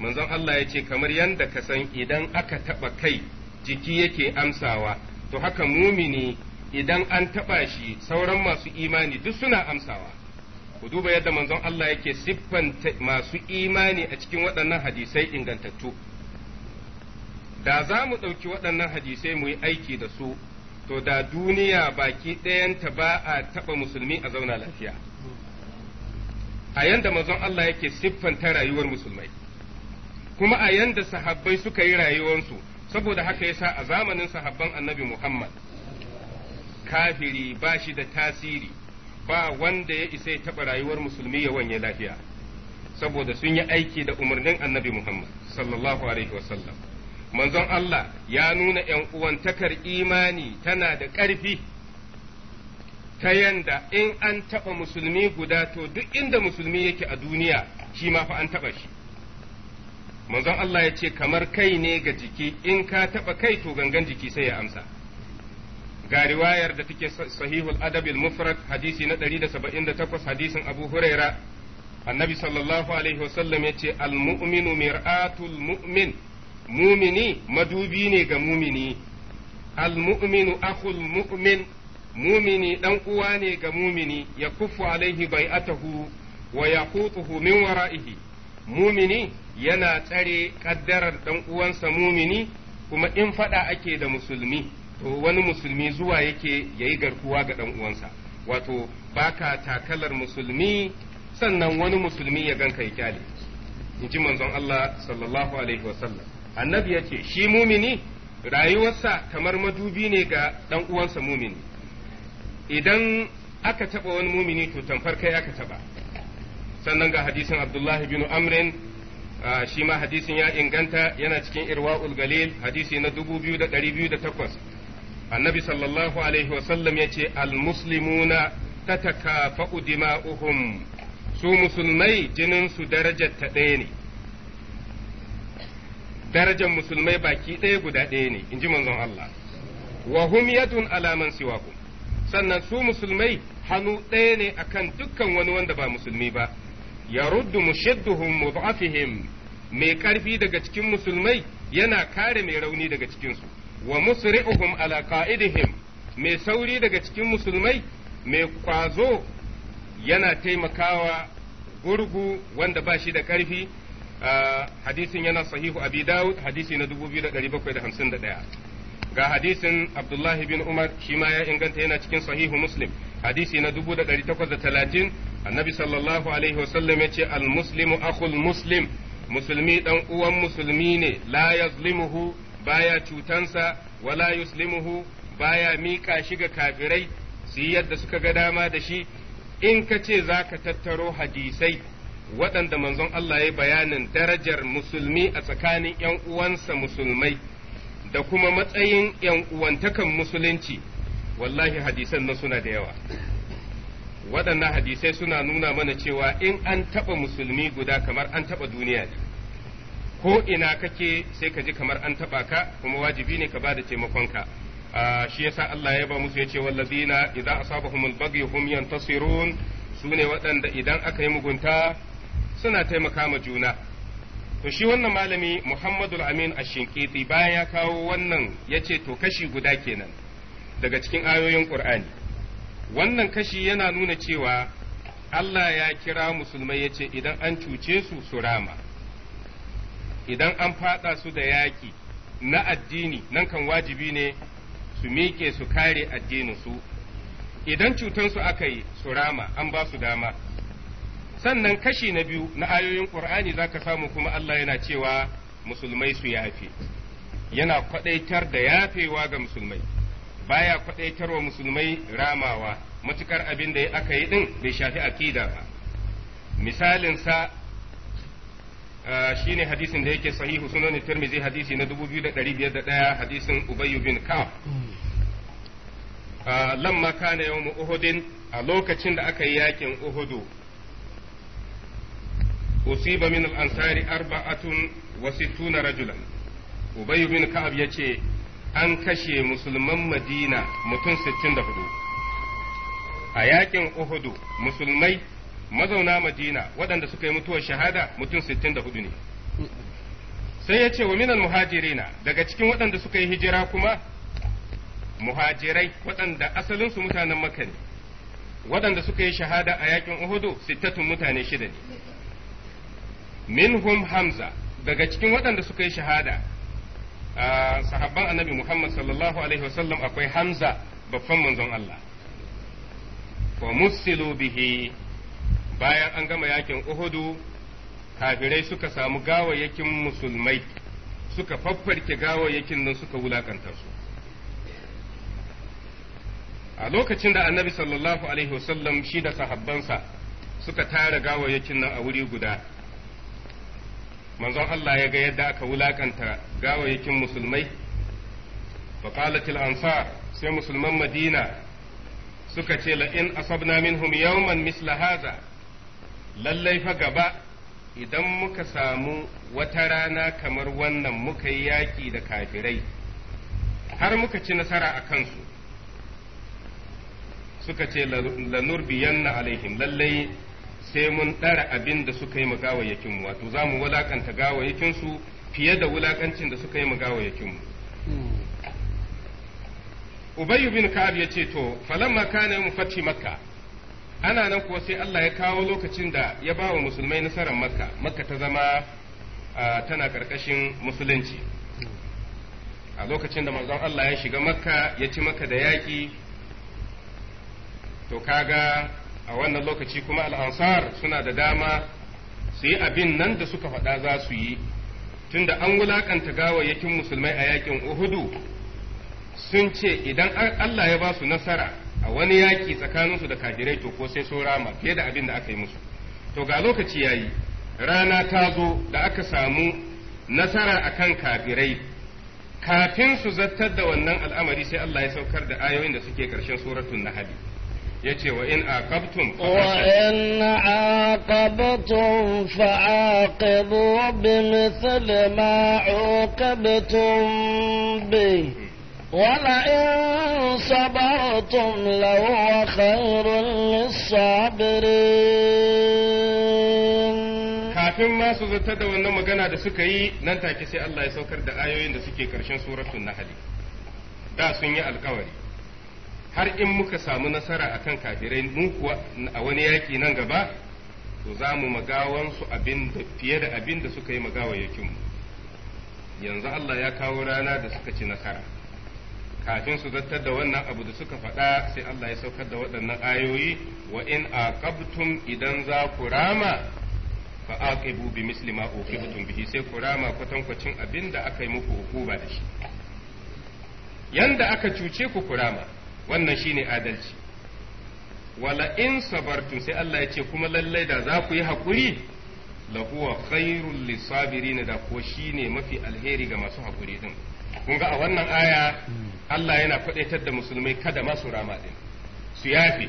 Speaker 1: manzon Allah ya ce kamar yadda ka san idan aka taɓa kai jiki yake amsawa, to haka mumini idan an taɓa shi sauran masu imani duk suna amsawa. Ku duba yadda manzon Allah yake siffanta masu imani a cikin waɗannan hadisai ingantattu. da za mu ɗauki waɗannan hadisai mu yi aiki da su to da duniya baki ɗayanta ba a taɓa musulmi a zauna lafiya a yanda mazan Allah yake siffanta rayuwar musulmai kuma a yanda sahabbai suka yi rayuwarsu saboda haka yasa a zamanin sahabban annabi Muhammad kafiri ba shi da tasiri ba wanda ya isa ya taɓa rayuwar musulmi ya wanye lafiya saboda sun yi aiki da umarnin annabi Muhammad sallallahu alaihi wasallam manzon Allah ya nuna ‘yan uwantakar imani tana da ƙarfi ta yanda in an taɓa musulmi guda to duk inda musulmi yake a duniya shi ma fa an taɓa shi manzon Allah ya ce kamar kai ne ga jiki in ka taɓa kai to gangan jiki sai ya amsa ga riwayar da take sahihul adabil mufrad hadisi na 178 hadisin abu huraira annabi sallallahu alaihi wasallam ya ce al-mu'minu mir'atul mu'min mumini madubi ne ga mumini almu'minu akhul mu'min mumini dan uwa ne ga mumini ya kufu alaihi bai'atahu wa yaqutuhu min wara'ihi mumini yana tsare kaddarar dan uwansa mumini kuma in fada ake da musulmi to wani musulmi zuwa yake yayi garkuwa ga dan uwansa wato baka takalar musulmi sannan wani musulmi ya ganka ya kyale in ji manzon Allah sallallahu alaihi wasallam annabi ya ce shi mumini rayuwarsa kamar madubi ne ga ɗan uwansa mumini idan aka taɓa wani mumini to tamfar kai aka taɓa sannan ga hadisin abdullahi bin amrin shi ma hadisin ya inganta yana cikin irwa'ul galil hadisi na takwas annabi sallallahu alaihi wasallam ya ce almuslimuna tatakafa'u dima'uhum su musulmai jininsu darajar ta ɗaya ne darajar musulmai baki ɗaya guda ɗaya ne in ji manzon Allah wa hum yadun ala man siwakum sannan su musulmai hannu ɗaya ne akan dukkan wani wanda ba musulmi ba ya ruddu mushidduhum mudafihim mai karfi daga cikin musulmai yana kare mai rauni daga cikinsu wa musri'uhum ala qa'idihim mai sauri daga cikin musulmai mai kwazo yana taimakawa gurgu wanda ba shi da karfi hadisin yana sahihu abi dawud hadisi na 2751 ga hadisin abdullahi bin umar shi ma ya inganta yana cikin sahihu muslim hadisi na 1830 annabi sallallahu alaihi wasallam ya ce al muslimu akhul muslim musulmi dan uwan musulmi ne la yazlimuhu baya cutansa wala yuslimuhu baya miƙa shi ga kafirai su yi yadda suka ga dama da shi in ka ce za ka tattaro hadisai waɗanda manzon Allah ya bayanin darajar musulmi a tsakanin ‘yan uwansa musulmai da kuma matsayin ‘yan uwantakan musulunci, wallahi hadisan na suna da yawa. Waɗannan hadisai suna nuna mana cewa in an taɓa musulmi guda kamar an taɓa duniya ne, ko ina kake sai ka ji kamar an taɓa ka kuma wajibi ne ka ba da taimakonka. shi yasa Allah ya ba musu ya ce wallazina idza asabahumul baghy hum yantasirun su ne waɗanda idan aka yi mugunta suna taimaka ma juna to shi wannan malami Muhammadu Amin Ashinkiti bayan ya kawo wannan ya ce to kashi guda kenan daga cikin ayoyin Qur'ani wannan kashi yana nuna cewa Allah ya kira musulmai yace idan an cuce su su rama idan an fada su da yaki na addini nan kan wajibi ne su miƙe su kare addinin su idan cutansu aka yi su rama an ba su dama sannan kashi na biyu na ayoyin qur'ani ka samu kuma Allah yana cewa musulmai su yafe yana kwaɗaitar da yafewa ga musulmai baya kwaɗaitar wa musulmai ramawa matukar abin da aka yi din bai shafi akida ba misalin sa shine hadisin da yake sahihu sunan tirmizi hadisi na 2501 hadisin ubay bin ka'ab lamma kana yawm uhudin a lokacin da aka yi yakin uhudu أصيب من al-ansari arba'atun wa أبي بن كعب bin ka'ab yace an kashe musulman madina mutum 64 a yakin uhudu musulmai mazauna madina waɗanda suka yi mutuwar shahada mutum ne sai ya ce wa minal muhajirina daga cikin waɗanda suka yi hijira kuma muhajirai waɗanda asalinsu mutanen Makani ne waɗanda suka yi shahada a yakin uhudu sittatun mutane shida ne minhum hamza daga cikin waɗanda suka yi shahada sahabban annabi muhammad sallallahu alaihi wasallam akwai hamza babban manzon Allah wa musilu bihi bayan an gama yakin uhudu kafirai suka samu gawayyakin musulmai suka faffarke gawayyakin nan suka wulakanta su a lokacin da annabi sallallahu alaihi wasallam shi da sahabbansa suka tara gawayyakin nan a wuri guda manzon Allah ya ga yadda aka wulakanta gawayakin musulmai faqalatil ansar sai musulman madina suka ce la in asabna minhum yawman misla haza lallai fa gaba idan muka samu wata rana kamar wannan muka yi yaƙi da kafirai har muka ci nasara a kansu suka ce lanurbiyanna alaihim lallai sai mun ɗara abin da suka yi mu gawayyakin mu wato za mu wulakanta gawayyakin su fiye da wulakancin da suka yi mu gawayyakin mu Ubay bin Ka'ab ya ce to falamma kana mu fati makka ana nan kuwa sai Allah ya kawo lokacin da ya ba wa musulmai nasarar makka makka ta zama tana karkashin musulunci a lokacin da manzon Allah ya shiga makka ya ci makka da yaƙi to kaga a wannan lokaci kuma al'ansar suna da dama su yi abin nan da suka faɗa za su yi tunda an wulaƙanta gawayyakin musulmai a yakin uhudu sun ce idan Allah ya ba su nasara a wani yaƙi tsakaninsu da kajirai to ko sai sun rama fiye da abin da aka yi musu to ga lokaci ya yi rana ta zo da aka samu nasara a kan kafirai kafin su zartar da wannan al'amari sai Allah ya saukar da ayoyin da suke ƙarshen na hadi yace wa in aqabtum wa
Speaker 2: in aqabtum fa aqibu bimithli ma uqibtum in ولئن صبرتم
Speaker 1: لهو خير للصابرين kafin ma su zata da wannan magana da suka yi nan take sai Allah ya saukar da ayoyin da suke karshen suratul nahl da sun yi alkawari har in muka samu nasara akan kafirai mu kuwa a wani yaƙi nan gaba to za mu magawansu fiye da abin da suka yi magawayyakinmu yanzu Allah ya kawo rana da suka ci nasara kafin su zartar da wannan abu da suka faɗa sai Allah ya saukar da waɗannan ayoyi wa in aqabtum idan za ku rama fa aqibu bi misli ma uqibtum bihi sai ku rama kwatankwacin abin da aka yi muku hukuba da shi yanda aka cuce ku kurama. wannan shine adalci wala in sabartum sai Allah ya ce kuma lallai da za ku yi haƙuri lahuwa khairul lisabirina da ko shine mafi alheri ga masu haƙuri din kun ga a wannan aya Allah yana faɗaitar da musulmai kada masu rama din su yafe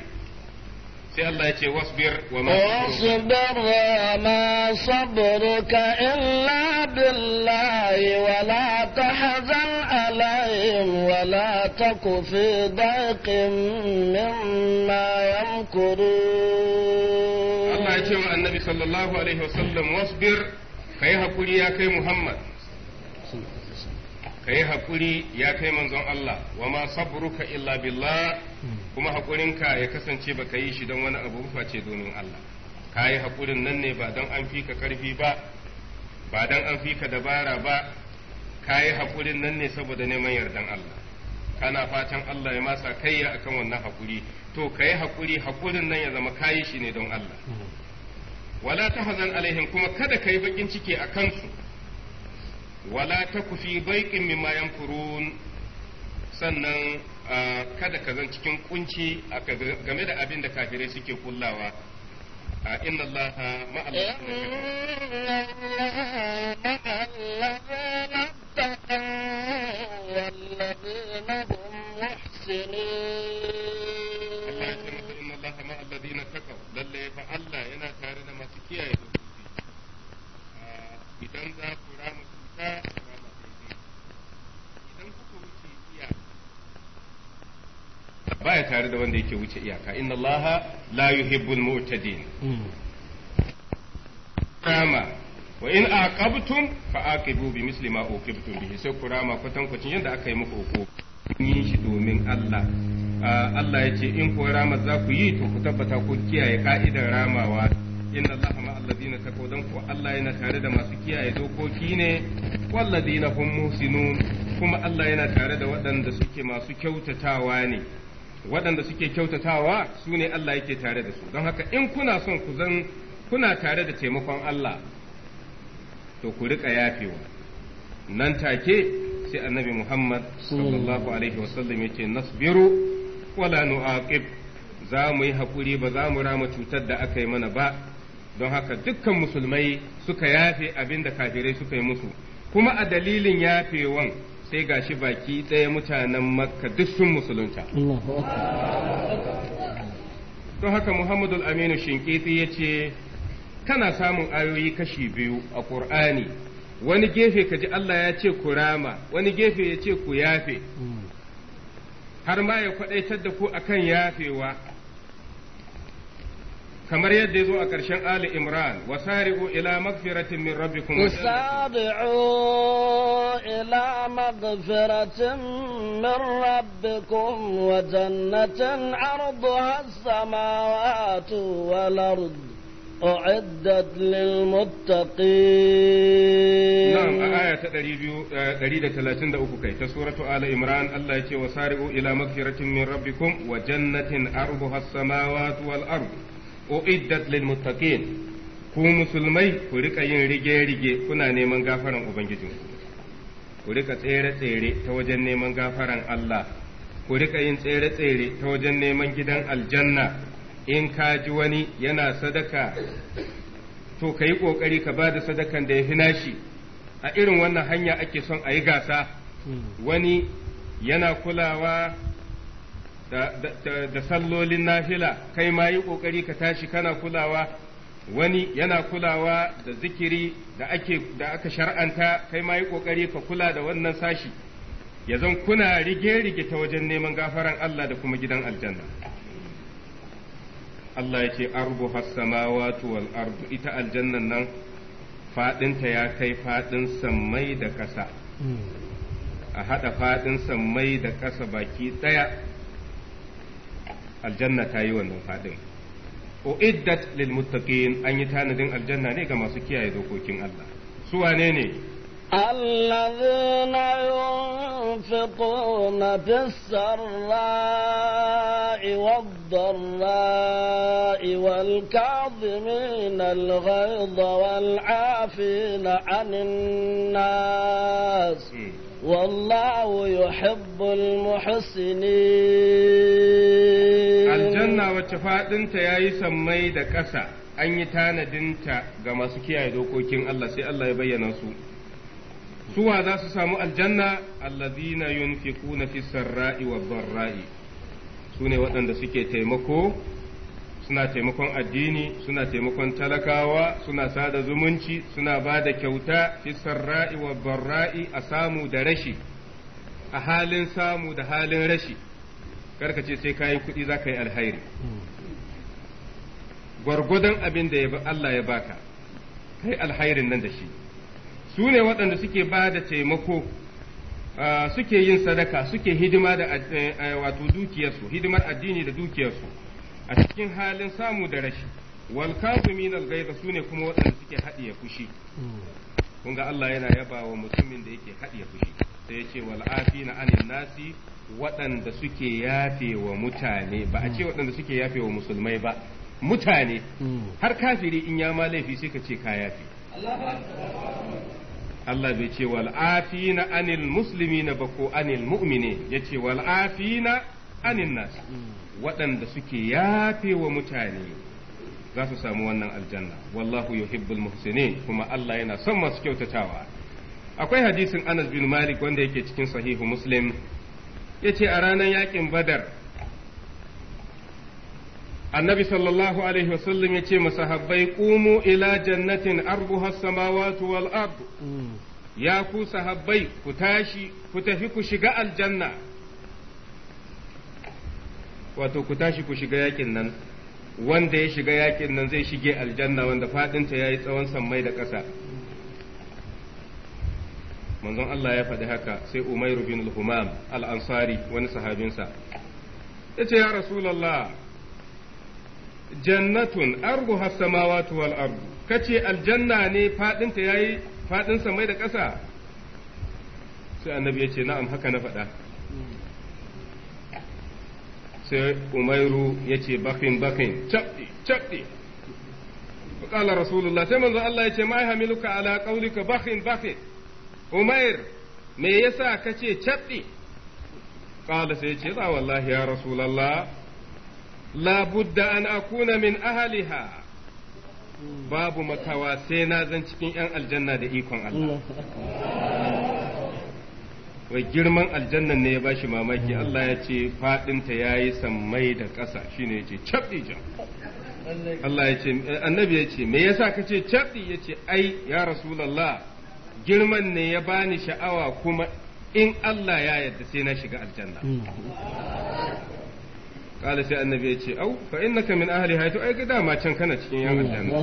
Speaker 1: sai Allah ya ce wasbir wa ma wasbir
Speaker 3: wa
Speaker 2: ma sabruka illa billahi wa la tahzan alaihim wa la taku fi daqin mimma yamkurun
Speaker 1: Allah ya ce wa annabi sallallahu alaihi wasallam wasbir kai hakuri ya kai Muhammad ka yi haƙuri ya kai manzon Allah wa ma sabruka illa billah kuma haƙurinka ya kasance ba ka yi shi don wani abu face domin Allah ka yi haƙurin nan ne ba don an fi ka ƙarfi ba ba don an fi ka dabara ba ka yi haƙurin nan ne saboda neman yardan Allah kana fatan Allah ya masa kayya akan wannan haƙuri to ka yi haƙuri haƙurin nan ya zama kayi shi ne don Allah hmm. wala ta hazan alaihim kuma kada ka yi bakin ciki a kansu wala taku fi baiqin mimma yanfurun sannan kada ka zan cikin kunci game da abin da kafirai suke kullawa a inna Allah ma takaw lalle fa Allah yana tare da masu kiyaye dokoki idan za ku baya tare da wanda yake wuce iyaka inna Allah la yuhibbul mu'tadin kama hmm. wa in aqabtum fa aqibu bi misli ma uqibtum bihi sai ku rama kwatankwacin yadda aka yi muku Kun yin shi domin Allah Allah ya ce in ku rama za ku yi to ku tabbata ku kiyaye ka'idar ramawa inna Allah ma alladina taqaw dan ku Allah yana tare da masu kiyaye dokoki ne walladina hum muhsinun kuma Allah yana tare da waɗanda suke masu kyautatawa ne waɗanda suke kyautatawa su ne Allah yake tare da su don haka in kuna son ku zan kuna tare da taimakon Allah to ku riƙa yafewa nan take sai annabi Muhammad sallallahu alaihi wasallam yace nasbiru wala nu'aqib za mu yi hakuri ba za mu rama cutar da aka yi mana ba don haka dukkan musulmai suka yafe abinda kafirai suka yi musu kuma a dalilin yafewan sai ga shi baki ɗaya mutanen makka duk sun musulunta don haka muhammadu aminu shinkiti ya ce kana samun ayoyi kashi biyu a ƙur'ani wani gefe ka ji Allah ya ce ku rama wani gefe ya ce ku yafe hmm. har ma ya kwadaitar da ku akan yafewa كمر يدزو أكرشن آل إمران وسارعوا إلى مغفرة من ربكم
Speaker 2: وسارعوا إلى مغفرة من ربكم وجنة عرضها السماوات والأرض أعدت للمتقين نعم آية
Speaker 1: تدريبيو تريد تلاتين دأوكي تسورة آل إمران الله يتي وسارعوا إلى مغفرة من ربكم وجنة عرضها السماوات والأرض uiddat lil muttaqin ku musulmai ku rika yin rige-rige kuna neman gafaran ubangijinku ku rika tsere-tsere ta wajen neman gafaran Allah ku rika yin tsere-tsere ta wajen neman gidan aljanna in ka ji wani yana sadaka to ka yi ƙoƙari ka ba da sadakan da ya fi nashi a irin wannan hanya ake son a yi gasa hmm. wani yana kulawa da sallolin nafila kai ma yi ƙoƙari ka tashi kana kulawa wani yana kulawa da zikiri da ake da aka shar'anta kai ma yi ƙoƙari ka kula da wannan sashi ya zan kuna rige-rige ta wajen neman gafaran Allah da kuma gidan aljanna Allah ya ce arbu samawatu wal ardu ita aljannan nan faɗinta ya kai faɗin sammai da ƙasa hmm. a haɗa faɗin sammai da ƙasa baki ɗaya aljanna ta yi wannan faɗin uiddat lil muttaqin an yi tanadin aljanna ne ga masu kiyaye dokokin Allah su wane ne
Speaker 2: الذين ينفقون في السراء والضراء والكاظمين الغيظ والعافين عن الناس م. والله يحب المحسنين
Speaker 1: الجنة وتفادن تياي سمي دا كسا أن يتانا دنتا كما سكي سكيا يدوكوكين الله سي الله يبين سوء سوى ذا سسامو الجنة الذين ينفقون في السراء والضراء سوني وطن دا سكي تيمكو suna taimakon addini suna taimakon talakawa suna sada zumunci suna ba da kyauta sarra'i wa barra'i a samu da rashi a halin samu da halin rashi karka ce sai kayan kuɗi za ka yi alhairi gwargwadon abin da Allah ya baka kai alhairin nan da shi su ne waɗanda suke ba da taimako suke yin sadaka suke hidima da eh, eh, wato dukiyarsu hidimar addini da dukiyarsu a cikin halin samu da rashi wal kazumin al su sune kuma waɗanda suke haɗiye fushi kun ga Allah yana yaba wa mutumin da yake haɗiye fushi sai ya ce wal afina anin nasi waɗanda suke yafe wa mutane ba a ce waɗanda suke yafe wa musulmai ba mutane har kafiri in ya ma laifi sai ka ce ka yafe Allah bai ce wal afina anil muslimina ba ko anil mu'mine ya wal afina anin nasi waɗanda suke yafe wa mutane za su samu wannan aljanna wallahu yuhibbul muhsinin kuma Allah yana son masu kyautatawa akwai hadisin Anas bin Malik wanda yake cikin sahihu Muslim yace a ranar yakin Badar annabi sallallahu alaihi wasallam yace masahabbai qumu ila jannatin arbuha samawati wal ard mm. ya ku sahabbai ku tashi ku tafi ku shiga aljanna wato ku tashi ku shiga yakin nan wanda ya shiga yakin nan zai shige aljanna wanda fadinta yayi tsawon sammai da ƙasa manzon Allah ya faɗi haka sai Umairu bin al-Humam al-Ansari wani sahabinsa yace ya Rasulullah jannatun arduha samawati wal ardu kace aljanna ne fadinta yayi fadin samai da ƙasa sai annabi yace na'am haka na faɗa sai umairu ya ce bakin bakin cabɗi cabɗi faƙala rasulullah sai manzo Allah ya ce ma hamiluka ala qaulika bakin bakin umair me yasa kace cabɗi ƙala sai ya ce za wallahi ya rasulallah labudda an akuna min ahaliha babu makawa sai na zan cikin yan aljanna da ikon Allah wai girman aljannan ne ya bashi mamaki Allah ya ce fadinta ya yi sammai da ƙasa shine ya ce cabɗi jam Allah ya ce annabi ya ce me yasa kace ce cabɗi ya ce ai ya rasulallah girman ne ya bani sha'awa kuma in Allah ya yarda sai na shiga aljanna kala sai annabi ya ce au fa innaka min ahli hayatu ai ma can kana cikin yan aljanna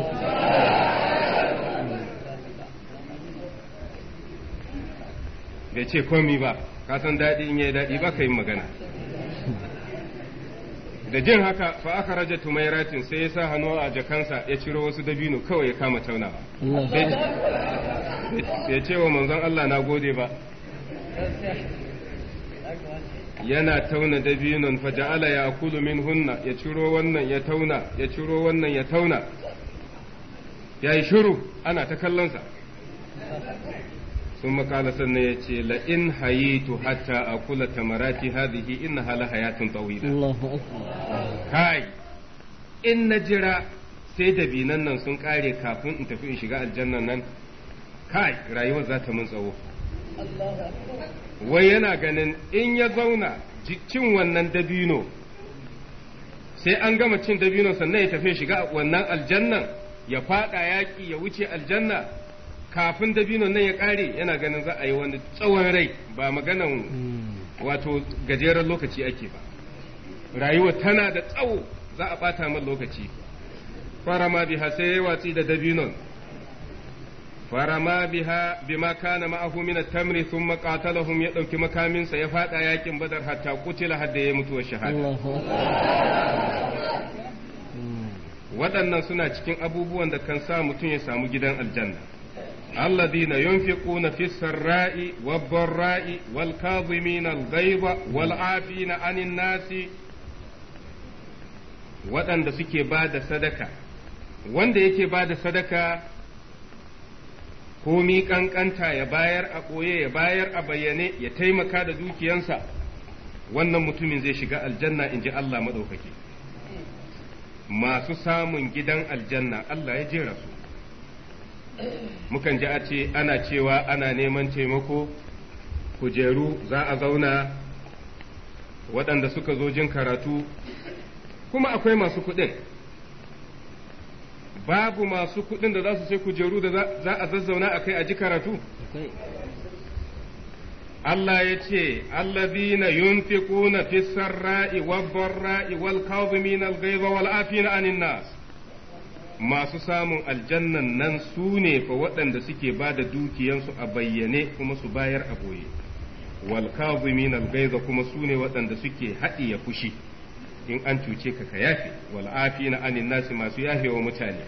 Speaker 1: bai ce komi ba ka san daɗi in yi daɗi ba ka yi magana da jin haka fa aka raja tumairatin sai ya sa hannu a jakansa ya ciro wasu dabino kawai ya kama tauna ya ce wa manzon Allah na gode ba yana tauna dabinon fa ja'ala ya kulu min hunna ya ciro wannan ya tauna ya ciro wannan ya tauna ya yi shiru ana ta kallonsa sun makala sannan ya ce la'in hayitu hatta a kula tamarati hadihi inna hala hayatun tawila kai in na jira sai dabinan nan sun kare kafin in tafi in shiga aljannan nan kai rayuwar za ta mun tsawo wai yana ganin in ya zauna cin wannan dabino sai an gama cin dabino sannan ya tafi shiga wannan aljannan ya fada yaki ya wuce aljanna kafin dabinon nan ya kare yana ganin za a yi wani tsawon rai ba maganan wato gajeren lokaci ake ba rayuwa tana da tsawo za a bata min lokaci farama biha sai ya watsi da dabinon farama biha bima kana ma'ahu min at-tamri thumma qatalahum ya dauki makamin sa ya fada yakin badar hatta kutila hadda ya mutu shahada waɗannan suna cikin abubuwan da kan sa mutum ya samu gidan aljanna alladina yunfiquna fis sarra'i wad dharra'i wal kadhimina al ghaiba wal afina anin nasi waɗanda suke ba sadaka wanda yake bada sadaka komi kankanta ya bayar a ɓoye ya bayar a bayyane ya taimaka da dukiyansa wannan mutumin zai shiga aljanna in ji Allah maɗaukaki masu samun gidan aljanna Allah ya jera su mukan ji a ce ana cewa ana neman taimako kujeru za a zauna waɗanda suka zo jin karatu kuma akwai masu kuɗin babu masu kuɗin da za su sai kujeru da za a zazzauna a kai a ji karatu Allah ya ce, Allazina yunfiquna fi sarra'i wal barra'i wal kazimina al-ghayza wal afina anin nas masu samun aljannan nan su ne fa waɗanda suke ba da dukiyansu a bayyane kuma su bayar a boye wal kazimin al kuma su ne waɗanda suke haɗiye fushi in an cuce ka ka yafe wal afina anin nasi masu yafewa mutane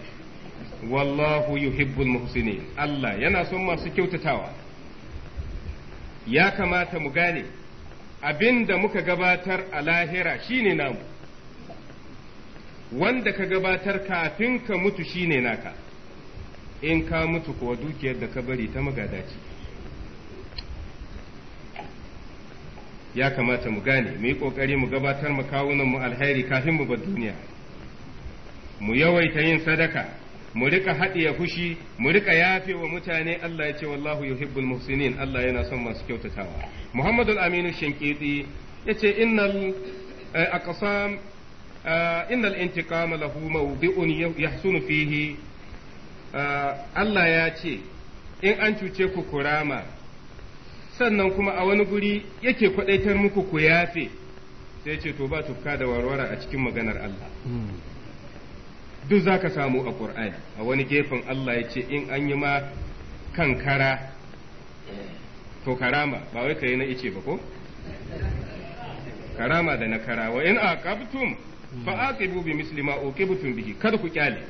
Speaker 1: wallahu yuhibbul muhsinin Allah yana son masu kyautatawa ya kamata mu gane abin da muka gabatar a lahira shine namu wanda ka gabatar kafin ka mutu shine naka in ka mutu kuwa dukiyar da ka bari ta magada ce ya kamata mu gane mu yi ƙoƙari mu gabatar mu kawunan mu alheri kafin mu bar duniya mu yawaita yin sadaka mu rika haɗiye fushi mu rika yafe wa mutane Allah ya ce wallahu yuhibbul muhsinin Allah yana son masu kyautatawa muhammadul Aminu shinkidi ya ce innal eh, aqsam innal intiqama lahu mawdi'un yahsunu fihi Allah ya ce in an cuce ku kurama sannan kuma a wani guri yake kwadaitar muku ku yafe sai ce to ba tufka da warwara a cikin maganar Allah duk za ka samu a Qur'ani a wani gefen Allah ya ce in an yi ma kankara to karama ba wai yi na ice ba ko karama da na kara wa in fa aqibu bi misli ma uqibtum bihi kada ku kyale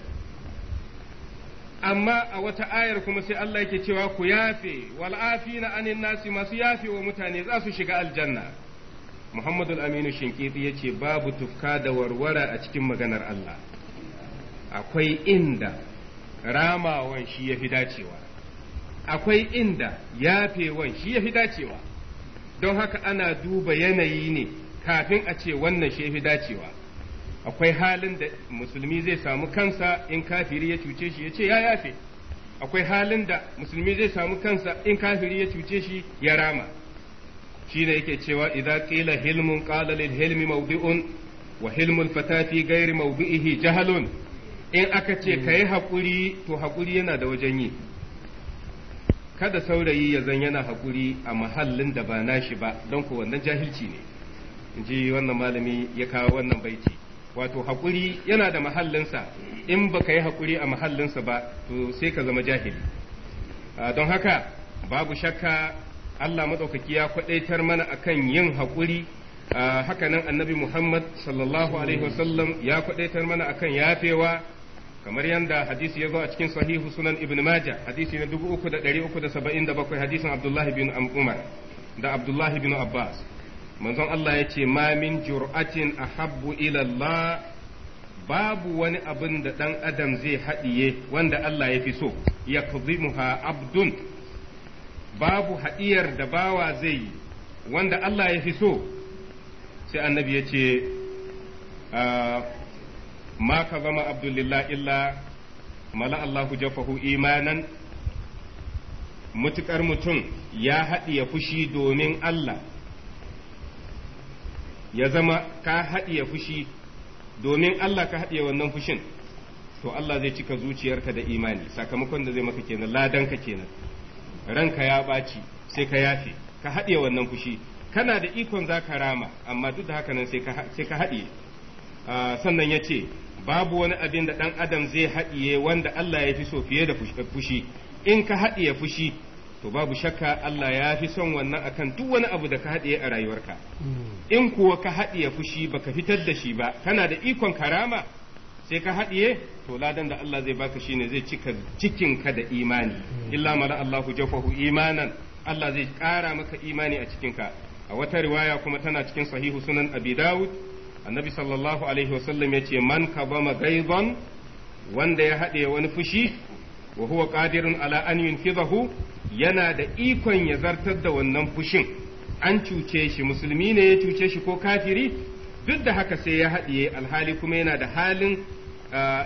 Speaker 1: amma a wata ayar kuma sai Allah yake cewa ku yafe wal afina anin nasi masu yafe wa mutane za su shiga aljanna Muhammadu aminu Shinkiti ya ce babu tufka da warwara a cikin maganar Allah akwai inda ramawan shi ya fi dacewa akwai inda yafewan shi ya fi dacewa don haka ana duba yanayi ne kafin a ce wannan shi ya fi dacewa akwai halin da musulmi zai samu kansa in kafiri ya cuce shi ya ce ya yafe akwai halin da musulmi zai samu kansa in kafiri ya cuce shi ya rama shi ne yake cewa idza qila hilmun qala lil hilmi mawdi'un wa hilmul fata fi ghairi mawdi'ihi jahalun in aka ce hmm. kai hakuri to hakuri yana da wajen yi kada saurayi ya zan yana hakuri a mahallin da ba nashi ba don ko wannan jahilci ne in ji wannan malami ya kawo wannan baiti wato haƙuri yana da mahallinsa in baka yi haƙuri a mahallinsa ba to sai ka zama jahili don haka babu shakka Allah maɗaukaki ya kwaɗaitar mana akan yin haƙuri hakanan annabi Muhammad sallallahu alaihi wasallam ya kwaɗaitar mana akan yafewa kamar yadda hadisi ya zo a cikin sahihu sunan ibn Majah hadisi na 3377 hadisin Abdullahi bin Umar da Abdullahi bin Abbas manzon Allah ya ce ma min jur'atin ahabbu habbu Allah babu wani abin da ɗan adam zai haɗiye wanda Allah ya fi so ya ha abdun babu haɗiyar da bawa zai yi wanda Allah ya fi so sai annabi ya ce ah, ma ka zama abdullillah illa mala Allahu jafahu imanan mutukar mutum ya haɗiye fushi domin Allah ya zama ka haɗiye fushi domin Allah ka haɗiye wannan fushin to Allah zai cika zuciyarka da imani sakamakon da zai maka kenan ladanka kenan ranka ya ɓaci sai ka yafe ka haɗiye wannan fushi kana da ikon za ka rama amma duk da haka nan sai ka haɗiye ah, sannan ya ce babu wani abin da ɗan adam zai haɗiye wanda Allah ya fi so fiye da fushi in ka haɗiye fushi to babu shakka Allah ya fi son wannan akan duk wani abu da ka haɗiye a rayuwarka hmm. in kuwa ka haɗiye fushi baka fitar da shi ba kana da ikon karama sai ka haɗiye to ladan da Allah zai baka shine zai cika cikinka da imani hmm. illa mala Allahu jafahu imanan Allah zai ƙara maka imani a cikinka a wata riwaya kuma tana cikin sahihu sunan abi dawud annabi sallallahu alaihi wasallam ya ce man kabama gaiban wanda ya haɗiye wani fushi wa huwa qadirun ala an yunfidahu yana da ikon ya zartar da wannan fushin an cuce shi musulmi ne ya cuce shi ko kafiri duk da haka sai ya haɗiye alhali kuma yana da halin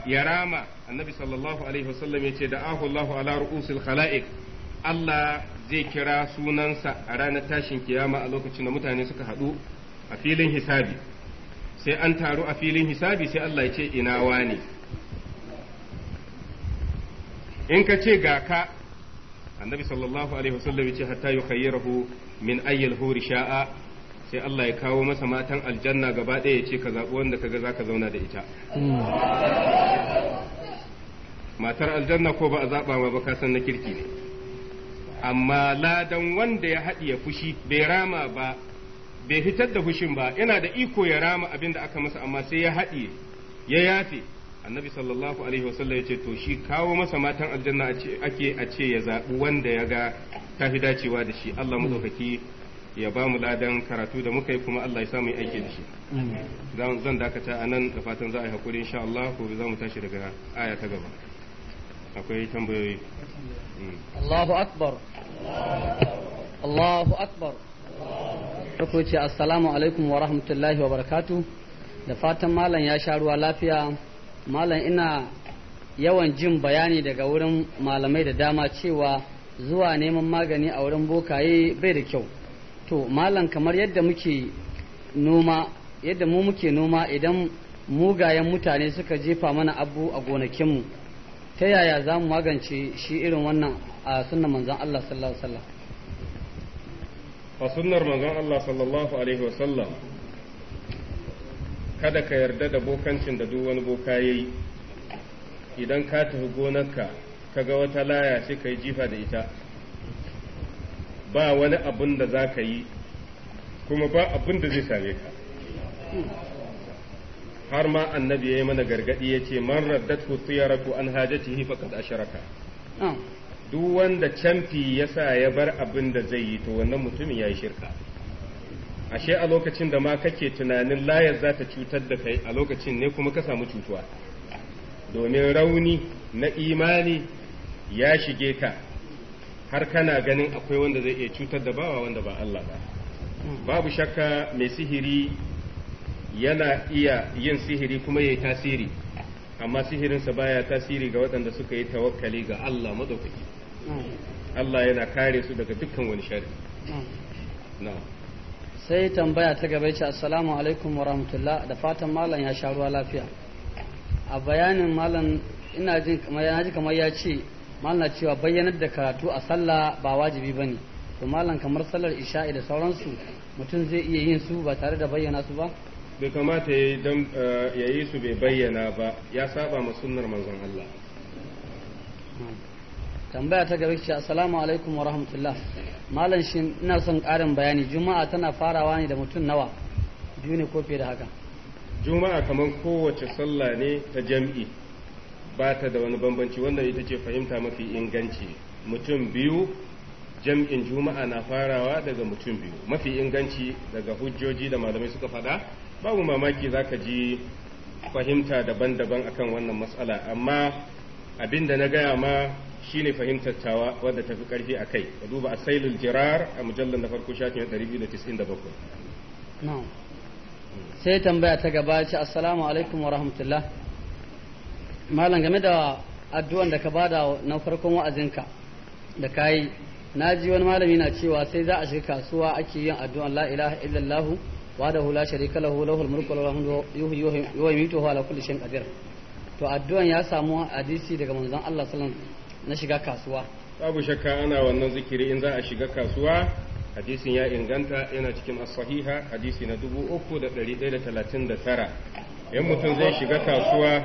Speaker 1: ya rama annabi sallallahu alaihi wasallam ya ce da ahullahu ala ru'usil khala'iq Allah zai kira sunansa a ranar tashin kiyama a lokacin da mutane suka haɗu a filin hisabi sai an taru a filin hisabi sai Allah ya ce ina wani in ka ce ga ka annabi sallallahu alaihi wasallam yace hatta yukhayyirahu min ayyil huri sha'a sai Allah ya kawo masa matan aljanna gaba ɗaya yace ka zabi wanda kaga zaka zauna da ita matar aljanna ko ba a zaba ma ba ka san na kirki ne amma ladan wanda ya haɗiye fushi bai rama ba bai fitar da fushin ba yana da iko ya rama abin da aka masa amma sai ya haɗiye ya yafe annabi sallallahu alaihi wasallam ya ce to shi kawo masa matan aljanna ake a ce ya zaɓi wanda ya ga tafi dacewa da shi Allah ɗaukaki ya ba mu ladan karatu da muka yi kuma Allah ya samu yi aiki da shi zan dakata a nan da fatan za a yi hakuri insha Allah ko za mu tashi daga aya ta gaba akwai tambayoyi hmm.
Speaker 4: Allahu akbar Allahu akbar Ko ce assalamu alaikum wa rahmatullahi wa barakatuh da fatan malam ya sha ruwa lafiya malam ina yawan jin bayani daga wurin malamai da dama cewa zuwa neman magani a wurin bokaye bai da kyau to malam kamar yadda muke noma yadda mu muke noma idan mugayen mutane suka jefa mana abu a gonakinmu ta yaya za mu magance shi irin wannan a sunnar manzon Allah sallallahu alaihi
Speaker 1: a sunnar manzon Allah sallallahu alaihi wasallam kada ka yarda da bokancin da duk wani boka ya yi idan ka tafi gonarka ka ga wata laya sai ka yi jifa da ita ba wani abun da za ka yi kuma ba abun da zai same ka har ma annabi ya yi mana gargaɗi ya ce man ya tiyaraku an hajatihi faqad asharaka oh. duk wanda canfi ya sa ya bar abin da zai yi to wannan mutumin ya yi shirka ashe a lokacin da ma kake tunanin layar za ta cutar da kai a lokacin ne kuma ka samu cutuwa domin rauni na imani ya shige ka har kana ganin akwai wanda zai iya cutar da bawa wanda ba Allah ba babu shakka mai sihiri yana iya yin sihiri kuma ya yi tasiri amma sihirinsa baya tasiri ga waɗanda suka yi tawakkali ga Allah madaukaki hmm. Allah yana kare su daga dukkan wani shari'a.
Speaker 3: Hmm.
Speaker 4: sai tambaya ta gaba ce assalamu alaikum wa rahmatullah da fatan malam ya sha ruwa lafiya a bayanin malam ina jin kamar ji kamar ya ce malam cewa bayyanar da karatu a sallah ba wajibi bane to malam kamar sallar isha'i da sauransu mutum zai iya yin su ba tare da bayyana su ba
Speaker 1: bai kamata ya dan eh, ya su bai bayyana ba ya saba ma sunnar manzon Allah hmm.
Speaker 4: tambaya ta gaba shi assalamu alaikum wa rahmatullah malam shin ina son ƙarin bayani juma'a tana farawa ne da mutum nawa biyu ne ko fiye da haka
Speaker 1: juma'a kamar kowace sallah ne ta jam'i ba ta da wani bambanci wannan ita ce fahimta mafi inganci mutum biyu jam'in juma'a na farawa daga mutum biyu mafi inganci daga hujjoji da malamai suka faɗa babu mamaki za ka ji fahimta daban-daban akan wannan matsala amma abin da na gaya ma shine fahimtar tawa wadda ta fi karfi a kai ka duba asailul jirar a mujallar da farko shafin 297
Speaker 4: na'am sai tambaya ta gaba ce assalamu alaikum wa rahmatullah malam game da addu'an da ka bada na farkon wa'azinka da kayi na ji wani malami na cewa sai za a shiga kasuwa ake yin addu'an la ilaha illallah wa wahdahu la sharika lahu lahul mulku wa lahul yuhyi wa yumiitu ala kulli shay'in qadir to addu'an ya samu hadisi daga manzon Allah sallallahu alaihi wasallam na shiga kasuwa
Speaker 1: babu shakka ana wannan zikiri in za a shiga kasuwa hadisin ya inganta yana cikin as-sahiha hadisi na dubu uku da da da talatin tara in mutum zai shiga kasuwa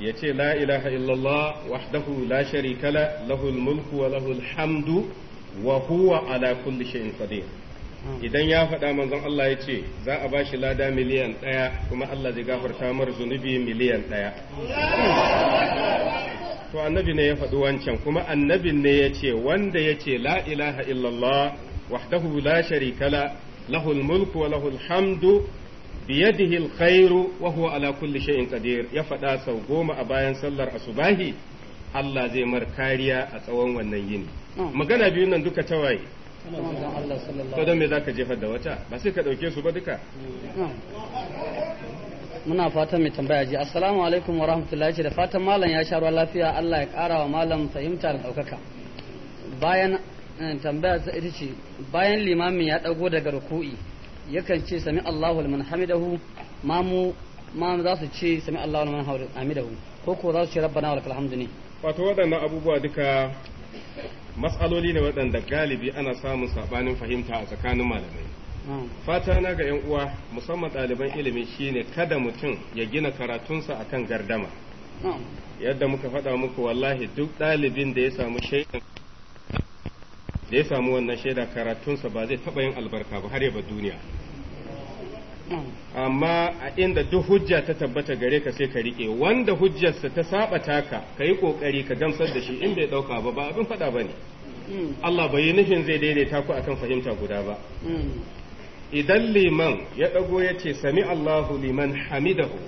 Speaker 1: ya ce la ilaha illallah wahdahu la sharika la lahul mulku wa lahul hamdu wa huwa ala kulli shay'in qadir idan ya faɗa manzon Allah ya ce za a bashi lada miliyan ɗaya kuma Allah zai gafarta mar zunubi miliyan ɗaya to annabi ne ya faɗi wancan kuma Annabi ne ya ce wanda ya ce la ilaha illallah wahdahu la sharika la lahul mulku wa lahul hamdu biyadihi alkhairu wa huwa ala kulli shay'in qadir ya faɗa sau goma a bayan sallar asubahi Allah zai mar kariya a tsawon wannan yini hmm. magana biyu nan duka tawaye to don me za ka jefar da wata ba sai ka ɗauke su ba duka muna
Speaker 4: fatan mai tambaya ji assalamu alaikum wa rahmatullahi da fatan malam ya sha ruwan lafiya Allah ya ƙara wa malam fahimta da ɗaukaka bayan eh, tambaya ta ita ce bayan limamin ya ɗago daga ruku'i yakan ce sami Allahu liman hamidahu mamu ma
Speaker 1: za su ce sami Allahu liman hamidahu
Speaker 4: ko ko za su ce rabbana wa lakal hamdu ne wato
Speaker 1: waɗannan abubuwa duka matsaloli ne waɗanda galibi ana samun saɓanin fahimta a tsakanin malamai hmm. fata na ga 'yan uwa musamman ɗaliban ilimi shine kada mutum ya gina karatunsa akan gardama hmm. yadda muka faɗa muku wallahi duk ɗalibin da ya samu shaidan da ya samu wannan shaida karatunsa ba zai taɓa yin albarka ba har yaba duniya amma a inda duk hujja ta tabbata gare ka sai ka rike wanda hujjarsa ta saba taka ka yi ƙoƙari ka gamsar da shi in bai ɗauka ba ba abin faɗa bane mm. Allah bai nufin zai daidaita ku akan fahimta guda ba mm. idan liman ya ɗago ya ce sami Allahu liman hamidahu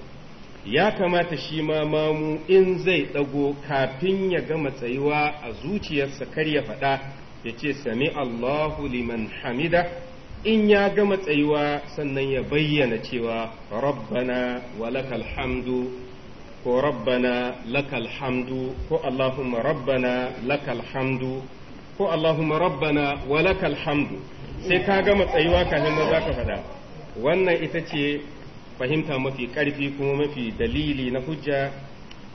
Speaker 1: ya kamata shi ma mamu in zai ɗago kafin ya gama tsayuwa a zuciyarsa kar ya faɗa ya ce sami Allahu liman hamida in ya gama tsayuwa sannan ya bayyana cewa rabbana wa lakal hamdu ko rabbana lakal hamdu ko allahumma rabbana lakal hamdu ko allahumma rabbana wa lakal hamdu sai ka gama tsayuwa kafin ma za ka faɗa wannan ita ce fahimta mafi karfi kuma mafi dalili na hujja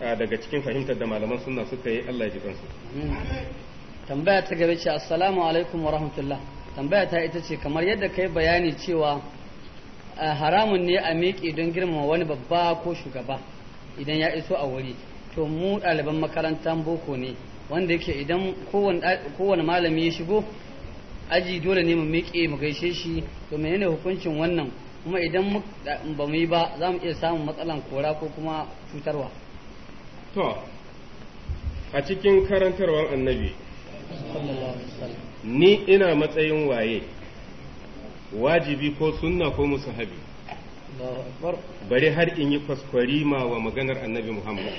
Speaker 1: daga cikin fahimtar da malaman sunna suka yi Allah ya ji kansu
Speaker 3: hmm.
Speaker 4: tambaya ta gaba ce assalamu alaikum wa rahmatullah tambaya ta ita ce kamar yadda ka yi bayani cewa haramun ne a miƙe don girmama wani babba ko shugaba idan ya iso a wuri to mu ɗaliban makarantar boko ne wanda yake idan kowane malami ya shigo aji dole ne mu miƙe mu gaishe shi to menene hukuncin wannan kuma idan ba mu yi ba za mu iya samun matsalan kora ko kuma cutarwa
Speaker 1: to a cikin karantarwar annabi ni ina matsayin waye wajibi ko sunna ko musahabi bari har in yi kwaskwarima wa maganar annabi muhammad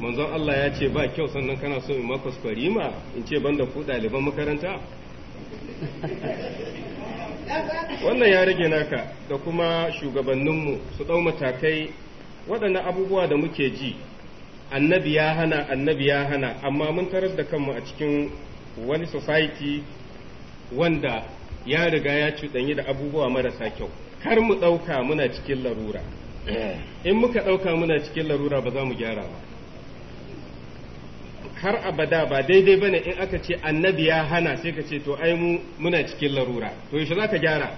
Speaker 1: manzon Allah ya ce ba kyau sannan kana so in ma kwaskwarima in ce banda ku ɗaliban makaranta
Speaker 3: wannan ya rage
Speaker 1: naka da kuma shugabanninmu su ɗau matakai waɗannan abubuwa da muke ji annabi ya hana annabi ya hana amma mun tarar da kanmu a cikin wani society wanda ya riga ya cuɗanyi da abubuwa marasa kyau kar mu ɗauka muna cikin larura eh. in muka ɗauka muna cikin larura ba za mu gyara ba har abada ba daidai bane in aka ce annabi ya hana sai ka ce to ai mu muna cikin larura to yaushe za ka gyara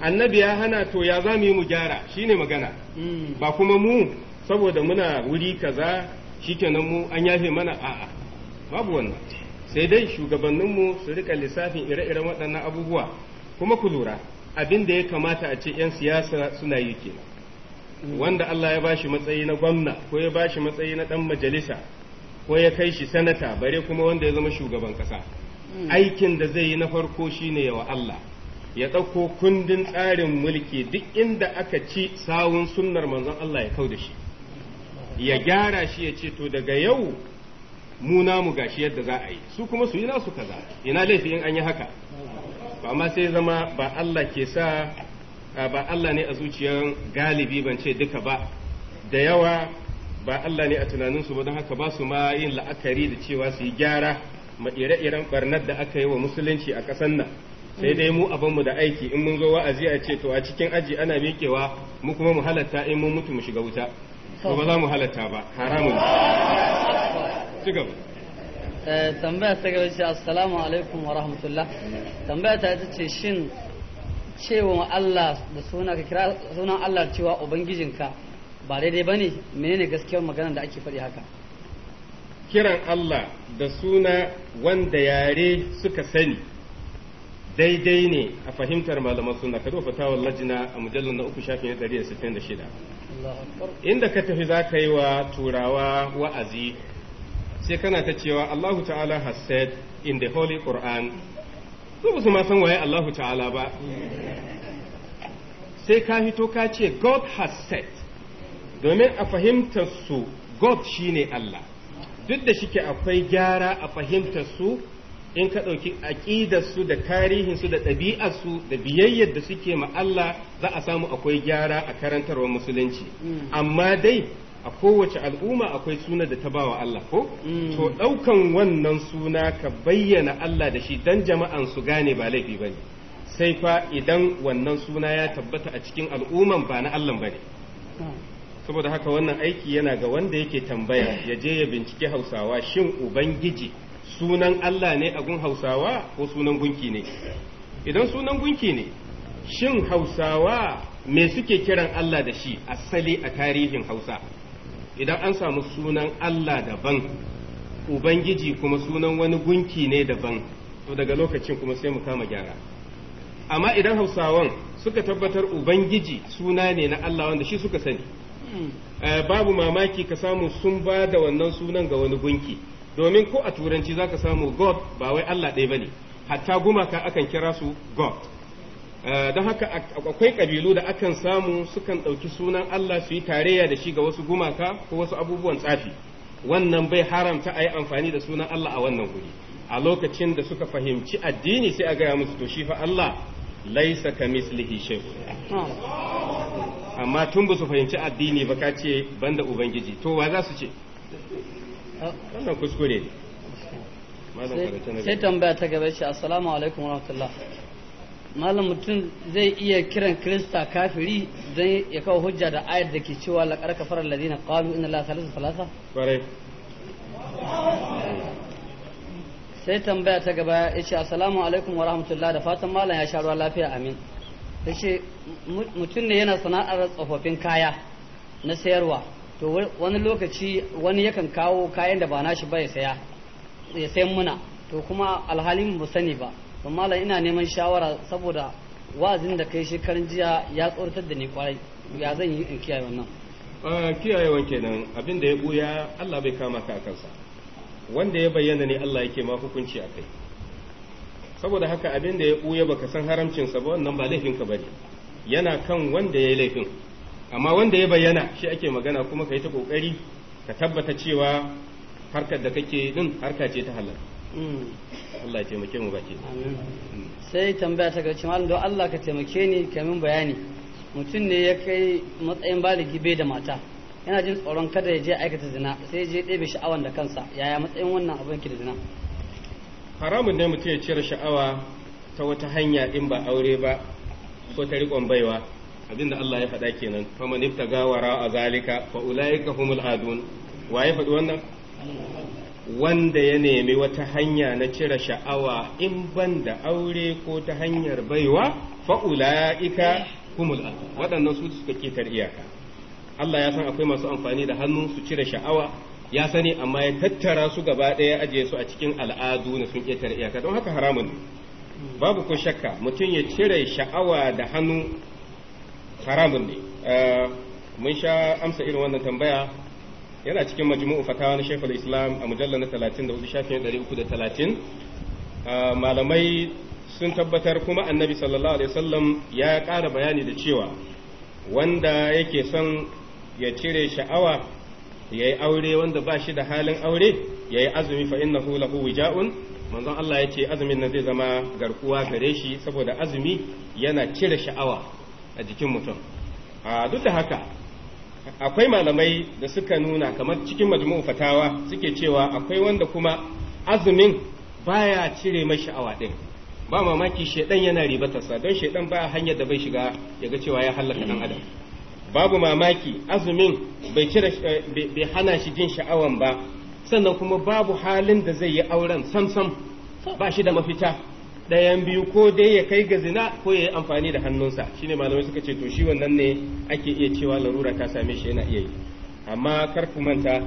Speaker 1: annabi ya hana to ya za mu yi mu gyara shine magana hmm. ba kuma mu saboda muna wuri kaza shikenan mu an yafe mana a'a babu wannan sai dai shugabanninmu su rika lissafin ire-iren waɗannan abubuwa kuma ku lura abin da ya kamata a ce 'yan siyasa suna yi ke wanda Allah ya bashi matsayi na gwamna ko ya bashi matsayi na ɗan majalisa ko ya kai shi sanata bare kuma wanda ya zama shugaban ƙasa mm. aikin da zai yi na farko shine yawa Allah ya ɗauko kundin tsarin mulki duk inda aka ci sawun sunnar manzon Allah ya kau da shi ya gyara shi ya ce to daga yau mu namu gashi yadda za a yi su kuma su yi nasu kaza ina laifi in an yi haka ba amma sai zama ba Allah ke sa ba Allah ne a zuciyar galibi ban ce duka ba da yawa ba Allah ne a tunaninsu ba don haka ba su ma yin la'akari da cewa su yi gyara ma ire-iren barnar da aka yi wa musulunci a ƙasar nan sai dai mu mu da aiki in mun zo wa'azi a ce to a cikin aji ana miƙewa mu kuma mu halatta in mun mutu mu shiga wuta ba za mu halatta ba haramun
Speaker 4: ci eh, tambaya ta gaba ce assalamu alaikum wa rahmatullah tambaya ta ita ce shin cewa Allah da suna ka kira sunan Allah cewa ubangijinka ba daidai bane menene gaskiyar magana da ake faɗi haka
Speaker 1: kiran Allah da suna wanda yare suka sani daidai ne a fahimtar malaman suna ka dofa lajina a mujallar na uku shafin na shida. inda ka tafi za ka yi wa turawa wa'azi sai kana ta cewa Allahu ta'ala has said in the holy Quran su ba su ma san waye Allahu ta'ala ba sai ka hito ka ce God has said domin a fahimtar su God shine Allah duk da shike akwai gyara a fahimtar su in ka ɗauki aƙidarsu da tarihinsu da ɗabi'arsu da biyayyar da suke ma Allah za a samu akwai gyara a karantarwar musulunci mm. amma dai a kowace al'umma akwai suna da ta bawa Allah ko mm. to ɗaukan wannan suna ka bayyana Allah da shi dan jama'an su gane ba laifi bane sai fa idan wannan suna ya tabbata a cikin al'umman ba na Allah bane saboda haka wannan aiki yana ga wanda yake tambaya ya je ya binciki Hausawa shin ubangiji sunan Allah ne a gun Hausawa ko sunan gunki ne idan sunan gunki ne shin Hausawa me suke kiran Allah da shi asali a tarihin Hausa idan an samu sunan Allah daban Ubangiji kuma sunan wani gunki ne daban to daga lokacin kuma sai mu kama gyara amma idan Hausawan suka tabbatar Ubangiji suna ne na Allah wanda shi suka sani eh, babu mamaki ka samu sun ba da wannan sunan ga wani gunki domin ko a turanci za ka samu god ba wai Allah ɗaya ba ne hatta gumaka akan kira su god eh, don haka akwai ƙabilu da akan samu sukan ɗauki sunan Allah su yi tarayya da shi ga wasu gumaka ko wasu abubuwan tsafi wannan bai haramta a yi amfani da sunan Allah a wannan guri a lokacin da suka fahimci addini sai a gaya musu to shi fa Allah laisa ka mislihi amma tun ba su fahimci addini ba ka ce banda ubangiji to wa za su ce Ah, wannan kuskure sai tambaya
Speaker 4: ta gaba shi assalamu alaikum warahmatullah malam mutum zai iya kiran krista kafiri don ya kawo hujja da ayar da ke cewa laƙar kafar ladina qalu inna la salasa salasa kwarai sai tambaya ta gaba ya ce assalamu alaikum wa rahmatullah da fatan malam ya sha ruwa lafiya amin ya ce mutum ne yana sana'ar tsofaffin kaya na sayarwa to wani lokaci wani yakan kawo kayan da ba nashi ba ya saya ya sayan muna to kuma alhalin mu sani ba to malam ina neman shawara saboda wazin da kai shekarun jiya ya tsoratar da ni kwarai ya zan yi in kiyaye
Speaker 1: wannan kiyayewan kenan abin da ya buya Allah bai kama ka kansa wanda ya bayyana ne Allah yake ma hukunci a kai saboda haka abin da ya buya baka san haramcin sa ba wannan ba laifin ka bane yana kan wanda ya yi laifin amma wanda ya bayyana shi ake magana kuma ka yi ta kokari ka tabbata cewa harkar da kake din harka ce ta halal hmm. Allah ya taimake mu baki
Speaker 4: sai tambaya ta gaci malam don Allah ka taimake ni kamin bayani mutum ne ya kai matsayin baligi bai da mata yana jin tsoron kada ya je aikata zina sai ya je ɗebe sha'awan
Speaker 1: da kansa yaya matsayin wannan abin ki da zina haramun ne mutum ya cire sha'awa ta wata hanya in ba aure ba ko ta riƙon baiwa abinda Allah ya faɗa kenan man ibtaga wara a zalika fa ulaika humul adun ya faɗi wannan wanda ya nemi wata hanya na cire sha'awa in banda aure ko ta hanyar baiwa fa'ula'ika adun waɗannan su suka ketar iyaka Allah ya san akwai masu amfani da hannu su cire sha'awa ya sani amma ya tattara su gaba ɗaya ajiye su a cikin al'adu na sun ketar iyaka don haka haramun babu ko shakka mutum ya cire sha'awa da hannu haramun ne eh, mun sha amsa irin wannan tambaya yana cikin majmu'u fatawa na Sheikhul Islam a mujalla na 34 shafin 330 malamai sun tabbatar kuma annabi sallallahu alaihi wasallam ya ƙara bayani da cewa wanda yake son ya cire sha'awa ya yi aure wanda ba shi da halin aure ya yi azumi fa innahu lahu wija'un manzon Allah ya ce azumin nan zai zama garkuwa gare shi saboda azumi yana cire sha'awa a jikin mutum duk da haka akwai malamai da suka nuna kamar cikin majmu'u fatawa suke cewa akwai wanda kuma azumin baya cire mai sha'awa din ba mamaki shedan yana ribatarsa don shedan ba hanyar da bai shiga ya ga cewa ya halaka dan adam babu mamaki azumin bai cire bai hana shi jin sha'awan ba sannan kuma babu halin da zai yi auren sam sam ba shi da mafita ɗayan biyu ko dai ya kai ga zina ko ya yi amfani da hannunsa shine malamai suka ce to shi wannan ne ake iya cewa larura ta same shi yana iya yi amma kar ku manta